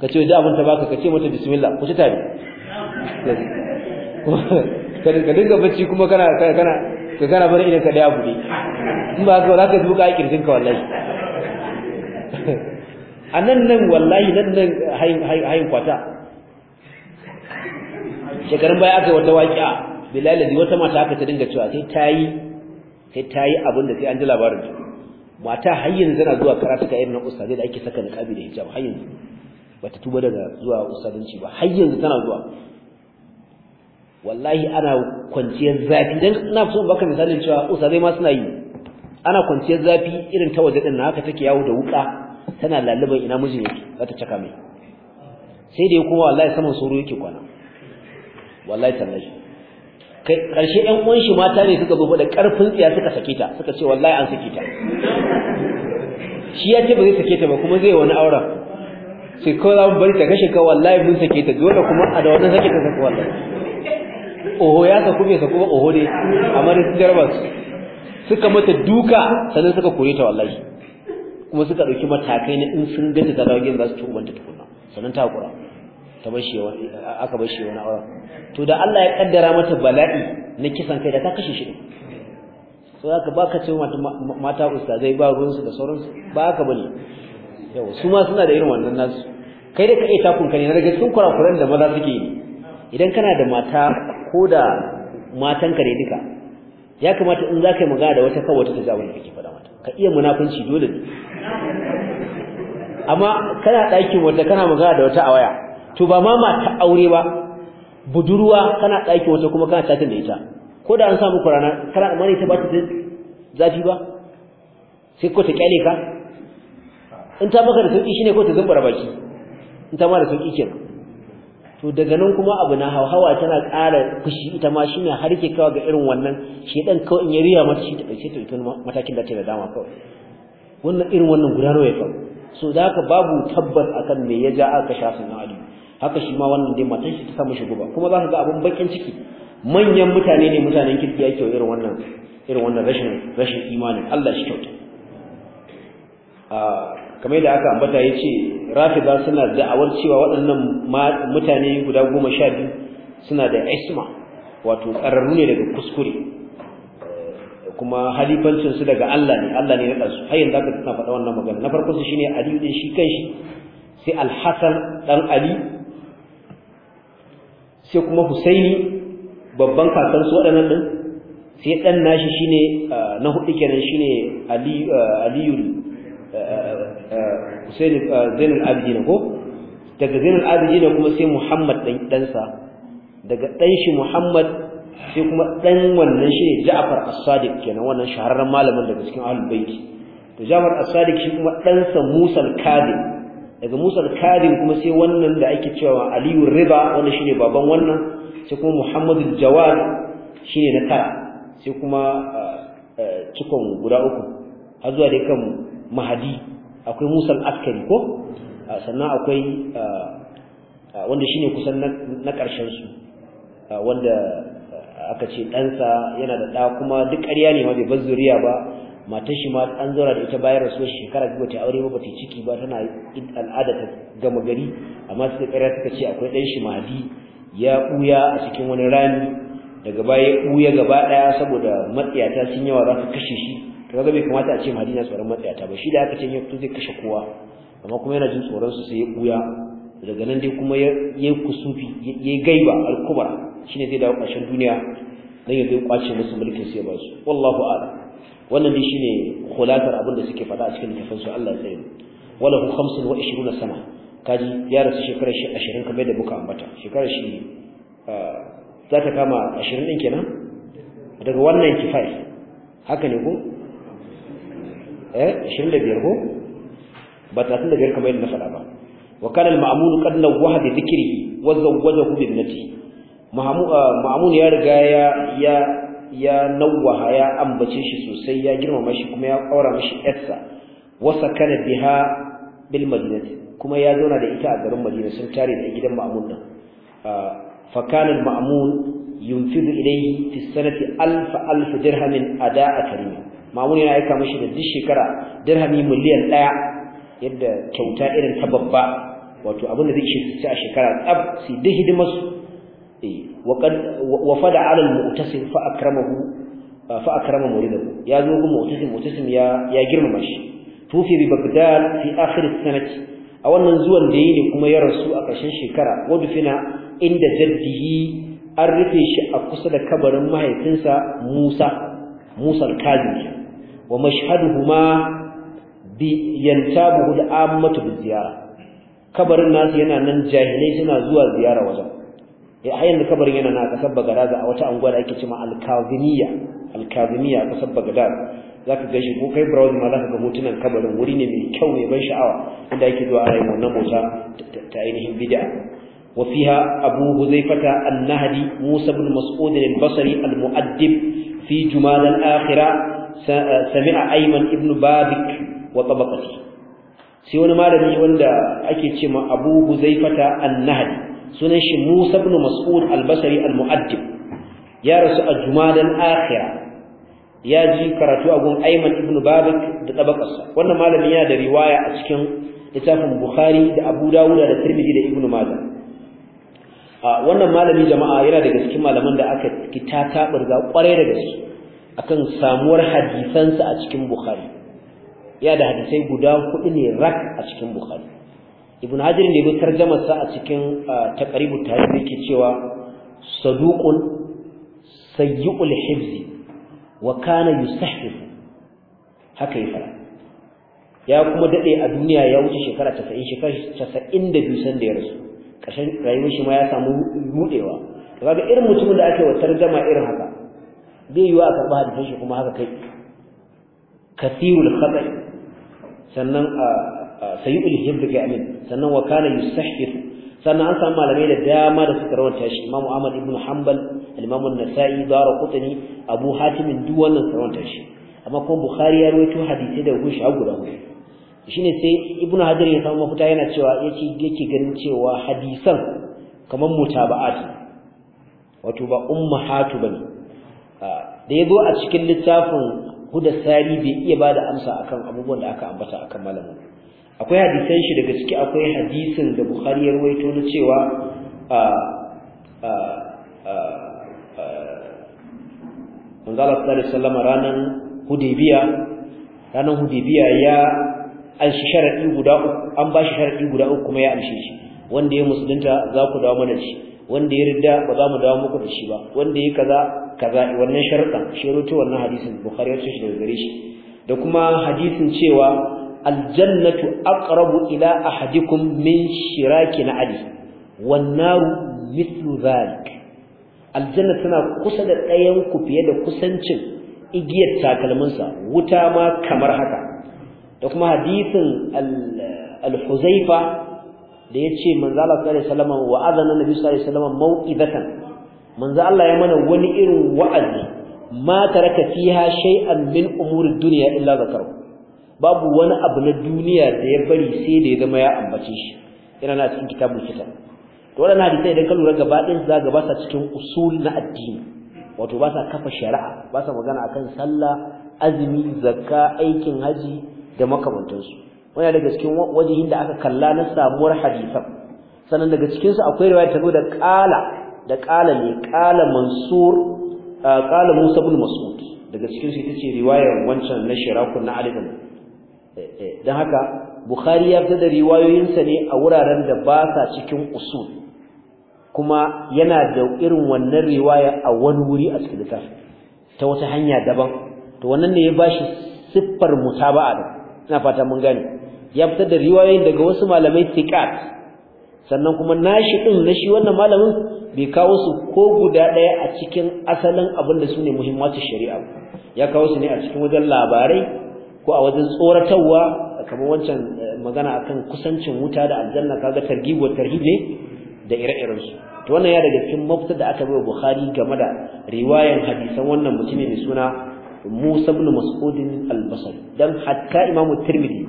ka ce da abin ta baka ka ce mata bismillah ku ci tare [laughs] ka dinga bacci kuma kana kana ka kana bar idan ka daya bude in ba haka za ka duka aikin ka wallahi [laughs] a nan nan wallahi nan nan hayin kwata shekarun baya aka yi wata waƙiya bilal da wata mata aka ta dinga cewa sai ta yi sai ta yi abin da sai an ji labarin ta mata har yanzu tana zuwa karatu ka irin na ustazai da ake saka niqabi da hijab har yanzu bata tuba daga zuwa ustazanci ba har yanzu tana zuwa wallahi ana kwanciyar zafi dan ina so baka misalin cewa ustazai ma suna yi ana kwanciyar zafi irin ta waje din na haka take yawo da wuka tana laluban ina mijin yake zata ta caka mai sai da kuma wallahi saman soro yake kwana wallahi tallahi kai karshe ɗan uwan shi mata ne suka bubu da karfin tsiya suka sake ta suka ce wallahi an sake ta shi ya ce ba zai sake ta ba kuma zai wani auren sai ko za mu bari ta kashe ka wallahi mun sake ta dole kuma a da wannan sake ta saka wallahi oho ya saku bai saku ba oho ne? amma dai su jarabar suka mata duka sannan suka kore ta wallahi kuma suka ɗauki matakai na in sun ganta da dawo gidan za su ci ubanta tukuna sannan ta kura ta bar shi aka bar shi wani auren to da Allah ya kaddara mata bala'i na kisan kai da ta kashe shi ne so haka baka ka ce mata ustazai ba su da sauransu ba haka bane yau su ma suna da irin wannan nasu kai da kai ta takunka na rage sun kura kuran da maza suke yi idan kana da mata ko da matanka ne duka ya kamata in za ka yi magana da wata kawai ta jawo ne kake faɗa mata ka iya munafunci dole ne amma kana ɗakin wata kana magana da wata a waya to ba ma ma ta aure ba budurwa kana ɗakin wata kuma kana chatting da ita ko da an samu kurana kana amma ita ba ta zafi ba sai ko ta kyale ka in ta maka da sauki shine ko ta zubbara baki in ta ma da sauki kenan to daga nan kuma abu na hawa tana ƙara fushi ita ma shine har ke kawo ga irin wannan shedan kawai in ya riya mata shi ta ɗauke ta matakin da ta da dama kawai wannan irin wannan gudanarwa ya kawo so da haka babu tabbas akan me ya ja aka sha sunan ali haka shi ma wannan dai matan shi ta samu shi guba kuma za ka ga abin bakin ciki manyan mutane ne mutanen kirki yake irin wannan irin wannan rashin rashin imanin Allah shi kyauta a ah, kamar da aka ambata yace rafida suna da'awar cewa waɗannan mutane guda goma sha biyu suna da isma wato ƙararru ne daga kuskure kuma halifancin su daga Allah ne Allah ne ya rada su har yanzu kana faɗa wannan magana na farko su shine Ali din shi kanshi sai Al-Hasan dan Ali sai kuma Husaini babban kakan su waɗannan din sai dan nashi shine ah, na hudu kenan shine Ali ah, Aliyu ah, Husain Zainul Abidin ko daga Zainul Abidin kuma sai Muhammad dan ɗansa daga dan shi Muhammad sai kuma dan wannan shi ne Ja'far as-Sadiq kenan wannan shahararren malamin daga cikin Ahlul Bait to Ja'far as-Sadiq shi kuma dan sa Musa al-Kadhib daga Musa al-Kadhib kuma sai wannan da ake cewa Aliyu Riba wanda shine baban wannan sai kuma Muhammad al-Jawad shine na tara sai kuma eh, eh, cikon guda uku har zuwa dai kan Mahdi, akwai Musa al-Askari ko ah, sannan akwai ah, ah, wanda shine kusan na ƙarshen su wanda aka ce ɗansa yana da ɗa kuma duk ƙarya ne ma bai bar zuriya ba matar shi ma an zauna da ita bayan rasuwar shekara biyu ta aure ba ta ciki ba tana al'ada ta gama gari amma suka ƙarya suka ce akwai ɗan shi mahadi ya ɓuya a cikin wani rami daga baya ya ɓuya gaba ɗaya saboda matsiyata sun yawa za su kashe shi to kaga bai kamata a ce mahadi na tsoron matsiyata ba shi da aka ce ya fito zai kashe kowa amma kuma yana jin tsoron su sai ya ɓuya daga nan dai kuma ya kusufi yayi gaiba alkubar shi ne zai dawo ƙarshen duniya dan ya zai kwace musu mulkin sai ba su wallahu ala wannan dai shine khulatar abin da suke faɗa a cikin tafsirin su Allah ya tsare wala hu 25 sana kaji ya rasu shekarar shi ashirin kamar da muka ambata shekarar shi ah, za ta kama ashirin din kenan daga wannan kifai haka ne ko eh biyar ko ba ta tun da biyar kamar yadda na faɗa ba wa kana al-ma'mun qad nawwaha bi dhikrihi wa zawwajahu ah, ya riga ya ya ya nawwaha ambace shi sosai ya girmama shi kuma ya kaura mishi yarsa wa sakana biha bil madinati kuma ya zauna da ita a garin Madina sun tare da gidan ma'mun nan ah, fa kana al-ma'mun yunfidu ilayhi fi sanati alf alf dirhamin ada'a karimi ma'mun yana aika mishi da duk shekara dirhami miliyan ɗaya. yadda kyauta irin ta babba wato abin da zai ci a shekara tsab sai duk eh, wa qad ala al fa akramahu fa akrama muridahu ya zo ga mu'tasim mu'tasim ya ya girmama shi tufi bi bagdad fi akhir sanati a wannan zuwan da yi ne kuma ya rasu a ƙarshen shekara wadufina inda jaddihi an rufe shi a kusa da kabarin mahaifinsa Musa Musa al-Kazim wa mashhaduhuma bi yantabuhu da ammatu bi ziyara kabarin nasu yana nan jahilai suna zuwa ziyara wajen eh har yanzu kabarin yana na kasar Bagadaza a wata anguwa da ake cewa Al-Kazimiya Al-Kazimiya kasar Bagadaza zaka ga shi ko kai browse ma zaka ga hotunan kabarin wuri ne mai kyau mai ban sha'awa inda ake zuwa a rayuwar wannan bauta ta ainihin bid'a وفيها musa هذيفة النهدي موسى بن al mu'addib المؤدب في جمال الآخرة سمع أيمن ابن بابك wa tabaqati sai wani malami wanda ake ce ma Abu Huzaifata an sunan shi Musa ibn Mas'ud Al-Basri Al-Mu'addib ya rasu a Jumadan Akhira ya ji karatu a gun Ayman ibn Babak da tabaqarsa wannan malami yana da riwaya a cikin littafin Bukhari da Abu Dawud da Tirmidhi da Ibn Majah wannan malami jama'a yana daga cikin malaman da aka kitata burga kwarai da gaske akan samuwar hadisansa a cikin Bukhari ya da hadisai guda hudu ne rak a cikin bukhari ibn hajar ne bi tarjamar sa a cikin taqribu tarikh yake cewa saduqun sayyi'ul hifzi wa kana yustahfif haka yafa ya kuma dade a duniya ya wuce shekara 90 shekara 92 san da ya rasu kashin rayuwar shi ma ya samu rudewa kaga irin mutumin da ake wa tarjama irin haka bai yiwa a karba hadisin shi kuma haka kai kathirul khata' sannan sayyidul hibd ga amin sannan wa kana yustahfiz sannan an samu malamai da dama da suka rawanta shi Imam Ahmad ibn Hanbal Imam An-Nasa'i Darqutni Abu Hatim duk wannan suka rawanta shi amma kuma Bukhari ya rawaito hadisi da gushi a guda shine sai Ibn Hajar ya samu mafita yana cewa yake yake ganin cewa hadisan kamar mutaba'at wato ba ummahatu bane da yazo a cikin littafin huda sari bai iya bada amsa akan abubuwan da aka ambata akan malamin akwai hadisan shi daga ciki akwai hadisin da bukhari ya rawaito na cewa a a a manzo Allah sallallahu alaihi wasallam ranan hudaybiya ranan hudaybiya ya an shi sharadi guda uku an ba shi sharadi guda uku kuma ya amshe shi wanda ya musulunta za ku dawo mana shi wanda ya ridda ba za mu dawo muku da shi ba wanda ya kaza kaza wannan sharuɗan shirutu, wannan hadisin bukhari ya ce shi daga gare shi da kuma hadisin cewa aljannatu aqrabu ila ahadikum min shiraki na ali wan naru mithlu dhalik aljanna tana kusa da ɗayan ku fiye da kusancin igiyar takalminsa wuta ma kamar haka da kuma hadisin al-huzaifa da yace manzo Allah sallallahu alaihi wasallam wa nabi sallallahu alaihi wasallam mau'izatan manzo Allah ya mana wani irin wa'azi ma taraka fiha shay'an min umuri dunya illa zakaru babu wani abu na duniya da ya bari sai da ya zama ya ambace shi yana na cikin kitabun kita to wannan hadisi idan ka lura gaba ɗin za ga ba sa cikin usul na addini wato ba sa kafa shari'a ba sa magana akan sallah azumi zakka aikin haji da makamantansu wannan daga cikin wajihin da aka kalla na samuwar hadisan sannan daga cikin su akwai riwaya ta zo da qala da kala ne qala mansur musa ibn mas'ud daga cikin su tace riwayar wancan na shirakun na ali eh, eh, dan haka bukhari ya da riwayoyinsa ne a wuraren da ba sa cikin usul kuma yana da irin wannan riwaya a wani wuri a cikin littafin ta wata hanya daban to wannan ne ya bashi siffar mutaba'a ina fata mun gane ya fitar da riwayoyin daga wasu malamai tiqat sannan kuma nashi din na shi wannan malamin bai kawo su ko guda ɗaya a cikin asalin abin da su ne muhimmancin shari'a ya kawo su ne a cikin wajen labarai ko a wajen tsoratarwa kamar wancan eh, magana akan kusancin wuta da aljanna kaga targhib wa tarhib da ire-iren su to wannan ya daga cikin mafita da aka bai Buhari game da riwayan hadisan wannan mutumin mai suna Musa ibn Mas'ud al-Basri dan hatta imamu Tirmidhi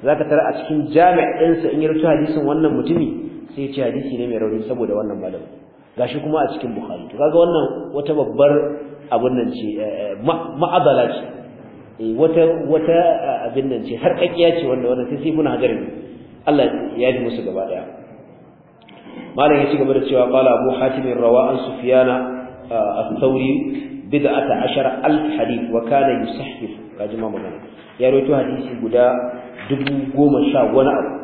zaka tara a cikin jami'in sa in yi rutu hadisin wannan mutumi sai ce hadisi ne mai rauni saboda wannan malamin gashi kuma a cikin bukhari to kaga wannan wata babbar eh, eh, eh, abin nan ce ma'adala ce wata wata abin nan ce harkakiya ce wanda wannan sai sifuna hadarin Allah ya yi musu gaba daya malam ya ci gaba da cewa qala abu hatim rawa an sufyana al-thawri bid'ata ashara alf hadith wa kana yusahhif ga jama'a magana ya rawaito hadisi guda dubu goma sha wani abu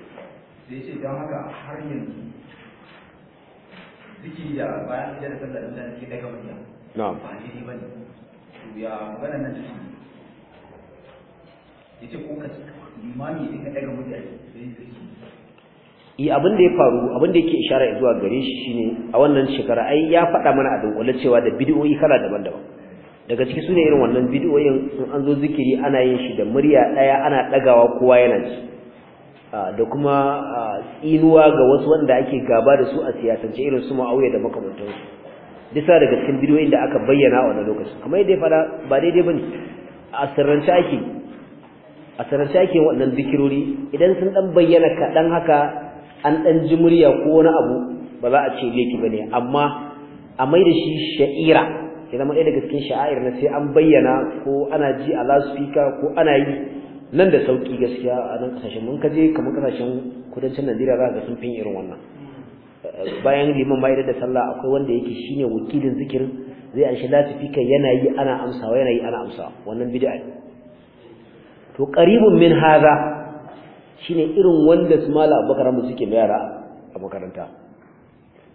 Ya ce don haka har yanzu zikiri da bayan da sallar da take daga murya na'am ba ne, bane to ya magana nan da shi ce ko ka imami din ka daga murya ya zikiri i eh, abin da ya faru abin da yake ishara zuwa gare shi shine a wannan shekara ai ya faɗa mana a dunkule cewa da bidiyoyi kala daban-daban daga ciki sune irin wannan bidiyoyin in an zo zikiri ana yin shi da murya ɗaya ana ɗagawa kowa yana ji da kuma tsinuwa ga wasu wanda ake gaba da su a siyasance irin su ma'auya da makamantansu bisa daga cikin bidiyoyin da aka bayyana a wannan lokacin kamar yadda ya fada ba daidai ne a sirrance ake a sirrance ake wannan bikirori idan sun ɗan bayyana kaɗan haka an ɗan ji murya ko wani abu ba za a ce laifi ne, amma a mai da shi sha'ira ya zama ɗaya daga cikin sha'air na sai an bayyana ko ana ji a loudspeaker ko ana yi nan da sauki gaskiya a nan kasashen mun kaje kamar kasashen kudancin Najeriya za ga sun fin irin wannan bayan liman bai da sallah akwai wanda yake shine wakilin zikirin zai an shi latifika kai yanayi ana amsawa yanayi ana amsawa wannan bid'a ne to qaribun min hadha shine irin wanda su mala abubakar mu suke yara a makaranta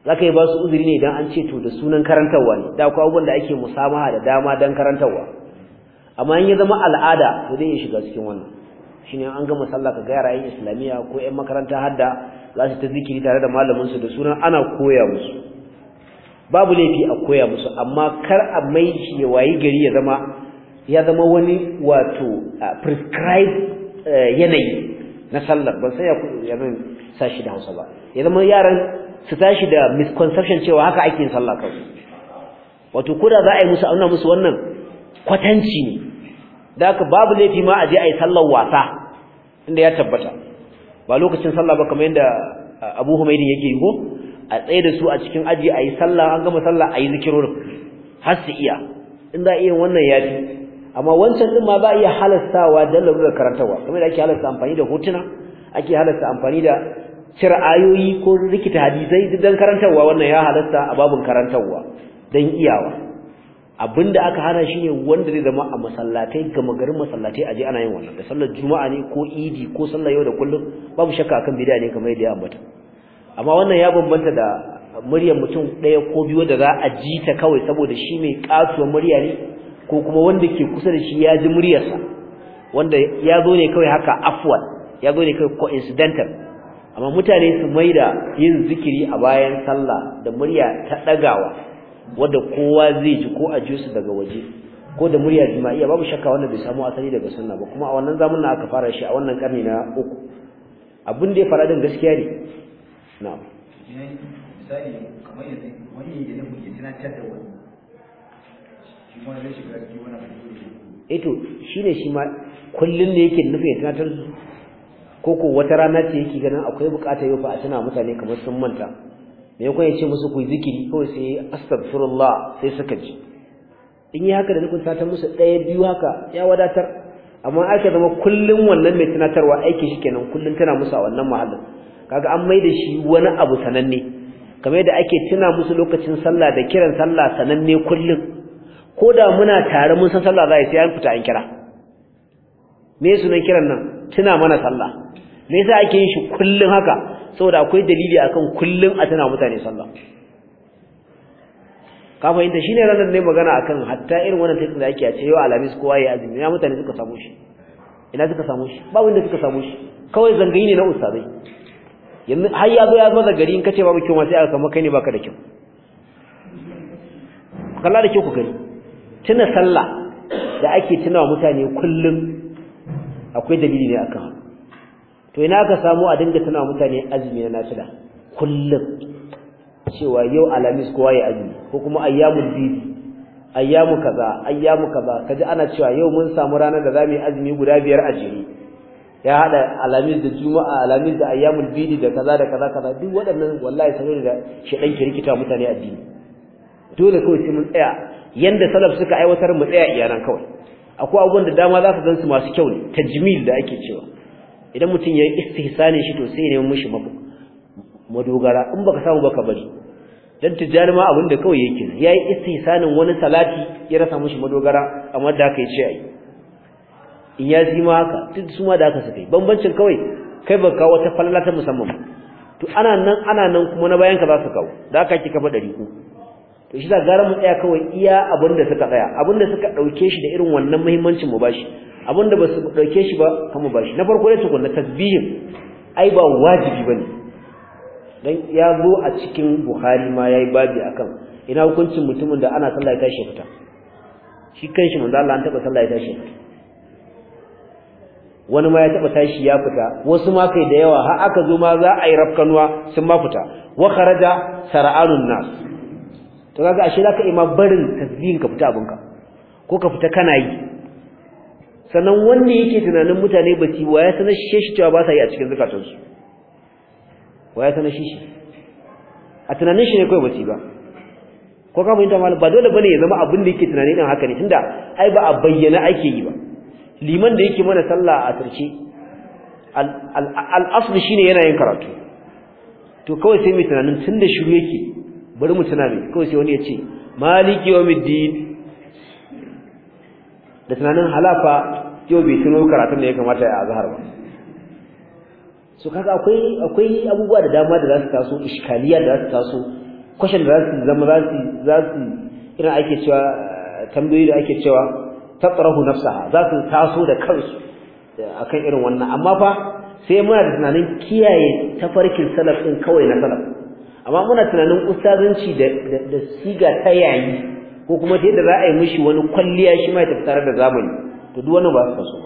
zaka yi ba su uzuri ne idan an ce to da sunan karantarwa ne da akwai abubuwan da ake musamaha da dama dan karantarwa amma in ya zama al'ada to zai iya shiga cikin wannan shine an gama sallah ka ga yara islamiyya ko ƴan makaranta hadda za su ta zikiri tare da malamin su da sunan ana koya musu babu laifi a koya musu amma kar a mai shi ya wayi gari ya zama ya zama wani wato prescribe eh, yanayi na sallar ban sai ya sashi da Hausa ba ya zama yaran su tashi da misconception cewa haka ake yin sallah kawai wato da za a yi musu auna musu wannan kwatanci ne da babu laifi ma a je a yi sallar wasa inda ya tabbata ba lokacin sallah ba kamar yadda abu Humaydin yake yi ko a tsaye da su a cikin aji a yi sallah an gama sallah a yi har su iya in za iya wannan yafi. amma wancan ɗin ma ba iya halastawa don lalurar karantarwa kamar da ake halasta amfani da hotuna ake halasta amfani da cire ayoyi ko rikita hadisai don karantarwa wannan ya halasta a babin karantarwa don iyawa Abin da aka hana shi ne wanda zai zama a masallatai gama garin masallatai aje ana yin wannan da sallar juma'a ne ko idi ko sallar yau da kullum babu shakka akan bid'a ne kamar yadda ya ambata amma wannan ya bambanta da muryar mutum ɗaya ko biyu da za a ji ta kawai saboda shi mai katuwar murya ne ko kuma wanda ke kusa da shi ya ji muryarsa wanda ya zo ne kawai haka afwal ya zo ne kawai coincidental amma mutane su maida yin zikiri a bayan sallah da murya ta ɗagawa wanda kowa zai ji ko a jiusu daga waje ko da murya jima'iya babu shakka wannan bai samu asali daga sunna ba kuma a wannan zamanin aka fara shi a wannan karni na uku abin da ya fara din gaskiya ne na'am misali kamar yanzu wani yanzu da wani shi kuma shine eh shi ma kullun ne yake nufin ya tunatar su ko ko wata rana ce yake ganin akwai bukatar yau fa a tana mutane kamar sun manta me kuma ya ce musu ku zikiri kawai sai astagfirullah sai suka ji in yi haka da nufin ta musu ɗaya biyu haka ya wadatar amma aka zama kullum wannan mai tunatarwa aiki shi kenan kullum tana musu a wannan mahallin kaga an mai da shi wani abu sananne kamar yadda ake tuna musu lokacin sallah da kiran sallah sananne kullum ko da muna tare mun san sallah za a yi sai an fita an kira me sunan kiran nan tuna mana sallah me yasa ake yin shi kullum haka saboda akwai dalili akan kullum a tana mutane sallah ka fahimta shine ranar ne magana akan hatta irin wannan tafsirin da ake a cewa alamis kowa ya azumi ya mutane suka samu shi ina suka samu shi ba wanda suka samu shi kawai zangayi ne na ustazai yanzu har ya zo ya zo da gari in kace babu kyau ma sai aka samu kai ne baka da kyau kalla da kyau ku gani tuna sallah da ake wa mutane kullum akwai dalili ne akan to ina ka samu a dinga tana mutane azumi na nafila kullum cewa yau alamis kowa ya azumi ko kuma ayyamul bid ayyamu kaza ayyamu kaza kaji ana cewa yau mun samu ranar da zamu yi azumi guda biyar a jere ya hada alamis da juma'a alamis da ayyamul bid da kaza da kaza kaza duk waɗannan wallahi sai da shedan ki rikita mutane addini dole kawai sai mun tsaya yanda salaf suka aiwatar mu tsaya iyanan kawai akwai abubuwan da dama za ka gansu masu kyau ne tajmil da ake cewa idan mutum ya yi istihsanin shi to sai ne mishi mako madogara in baka samu baka bari dan tijjani ma abin da kawai yake ya yi istihsanin wani salati ya rasa mishi madogara amma da aka yi ce ai in ya zima haka duk su ma da aka suka yi bambancin kawai kai baka wata falala ta musamman to ana nan ana nan kuma na bayan ka za su kawo da aka ki kafa ɗari to shi za gara mu tsaya kawai iya abin da suka tsaya abin da suka ɗauke shi da irin wannan muhimmancin mu bashi abinda ba su ɗauke shi ba kama ba shi na farko dai tukunna tasbihin ai ba wajibi ba ne dan ya zo a cikin Bukhari ma ya yi babi akan ina hukuncin mutumin da ana sallah ya tashi fita shi kanshi manzo Allah an taba sallah ya tashi fita wani ma ya taɓa tashi ya fita wasu ma kai da yawa har aka zo ma za a yi rafkanuwa sun ma fita wa kharaja sara'anun nas to kaga ashe zaka ma barin tasbihin ka fita abinka ko ka fita kana yi sannan wanda yake tunanin mutane ba su waya sanar shi cewa ba sa yi a cikin zukatansu waya sanar shi a tunanin shi ne kawai ba su ba ko ka fahimta malam ba dole bane ya zama abin da yake tunani din haka ne tunda ai ba a bayyana ake yi ba liman da yake mana sallah a tarce al-asl shine yana yin karatu to kawai sai mai tunanin tunda shiru yake bari mu tuna mai kawai sai wani ya ce maliki yawmiddin da tunanin halafa yau bai tuno karatun da ya kamata ya azhar ba so kaga akwai akwai abubuwa da dama da za su taso iskaliya da za su taso kwashen da za su zama za su za su ake cewa tambayoyi da ake cewa za su taso da kansu akan irin wannan amma fa sai muna da tunanin kiyaye tafarkin salaf din kawai na salaf amma muna tunanin ustazanci da da siga ta yayi ko kuma ta yadda za a yi mishi wani kwalliya shi ma ya tafi tare da zamani to duk wannan ba su faso.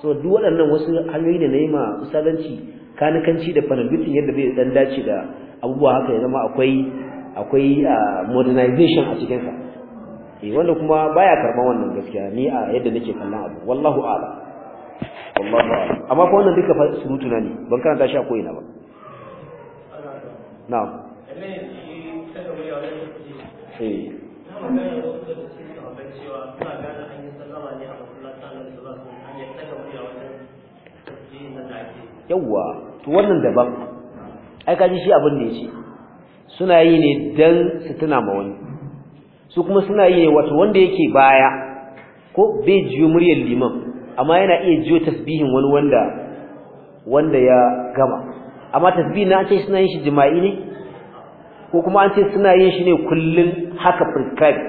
so duk waɗannan wasu hanyoyi da na yi ma misalanci kanikanci da fanabitin yadda bai dan dace da abubuwa haka ya zama akwai akwai modernization a sa eh wanda kuma baya karɓar wannan gaskiya ni a yadda nake kallon abu wallahu a'lam wallahu a'lam amma ko wannan duka surutu na ne ban karanta shi a koyina ba na'am eh yawwa to wannan daban ai kaji shi abin da yake suna yi ne dan su tuna ma wani su kuma suna yi ne wato wanda yake baya ko bai jiyo muryar liman amma yana iya jiyo tasbihin wani wanda wanda ya gama amma tasbihin na ce suna yin shi jima'i ne ko kuma an ce suna yin shi ne kullum haka prescribe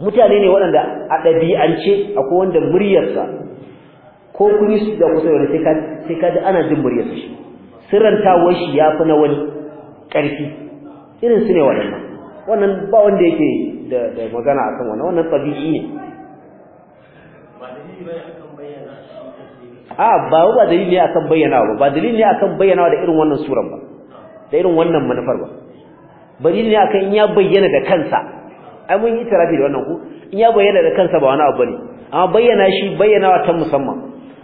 mutane ne waɗanda a ɗabi'ance akwai wanda muryarsa ko kun yi su da kusa wani sai ka ji ana jin muryarsa shi sirrantawar shi ya fi na wani ƙarfi irin su ne waɗannan wannan ba wanda yake da magana a kan wannan wannan ɗabi'i ne a ba ba dalili ne akan bayyana ba ba dalili ne akan bayyana da irin wannan suran ba da irin wannan manufar ba bari ne akan in ya bayyana da kansa ai mun yi tarafi da wannan ku in ya bayyana da kansa ba wani abu bane amma bayyana shi bayyanawa ta musamman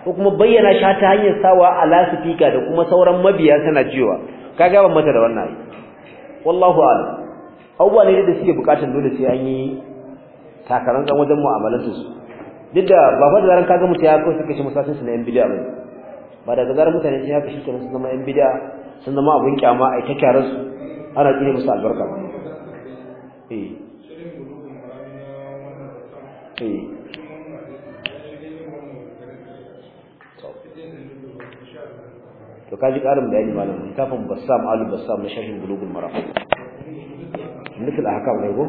ko kuma bayyana shi ta hanyar sawa a lasifika da kuma sauran mabiya tana jiwa kaga ban mata da wannan wallahu a'lam abubuwa ne da suke bukatar dole sai an yi takarar zan wajen mu'amalarsu su duk da ba fa da zaran kaga mutum ya kawai suka ce musasin su na yan bidiya bane ba da zaran mutane sun haka shi kenan musu zama yan bidiya sun zama abun kyama a ita kyararsu. ana tsine musu albarka ba eh eh to kaji karin bayani malam littafin bassam alu bassam na sharhin bulugul maram nufil ahkam ne go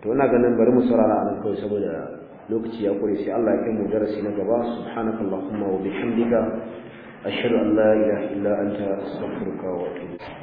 to ina ganin bari mu saurara anan kawai saboda lokaci ya kure sai Allah ya kai mu darasi na gaba subhanakallahumma wa bihamdika ashhadu an la ilaha illa anta astaghfiruka wa atubu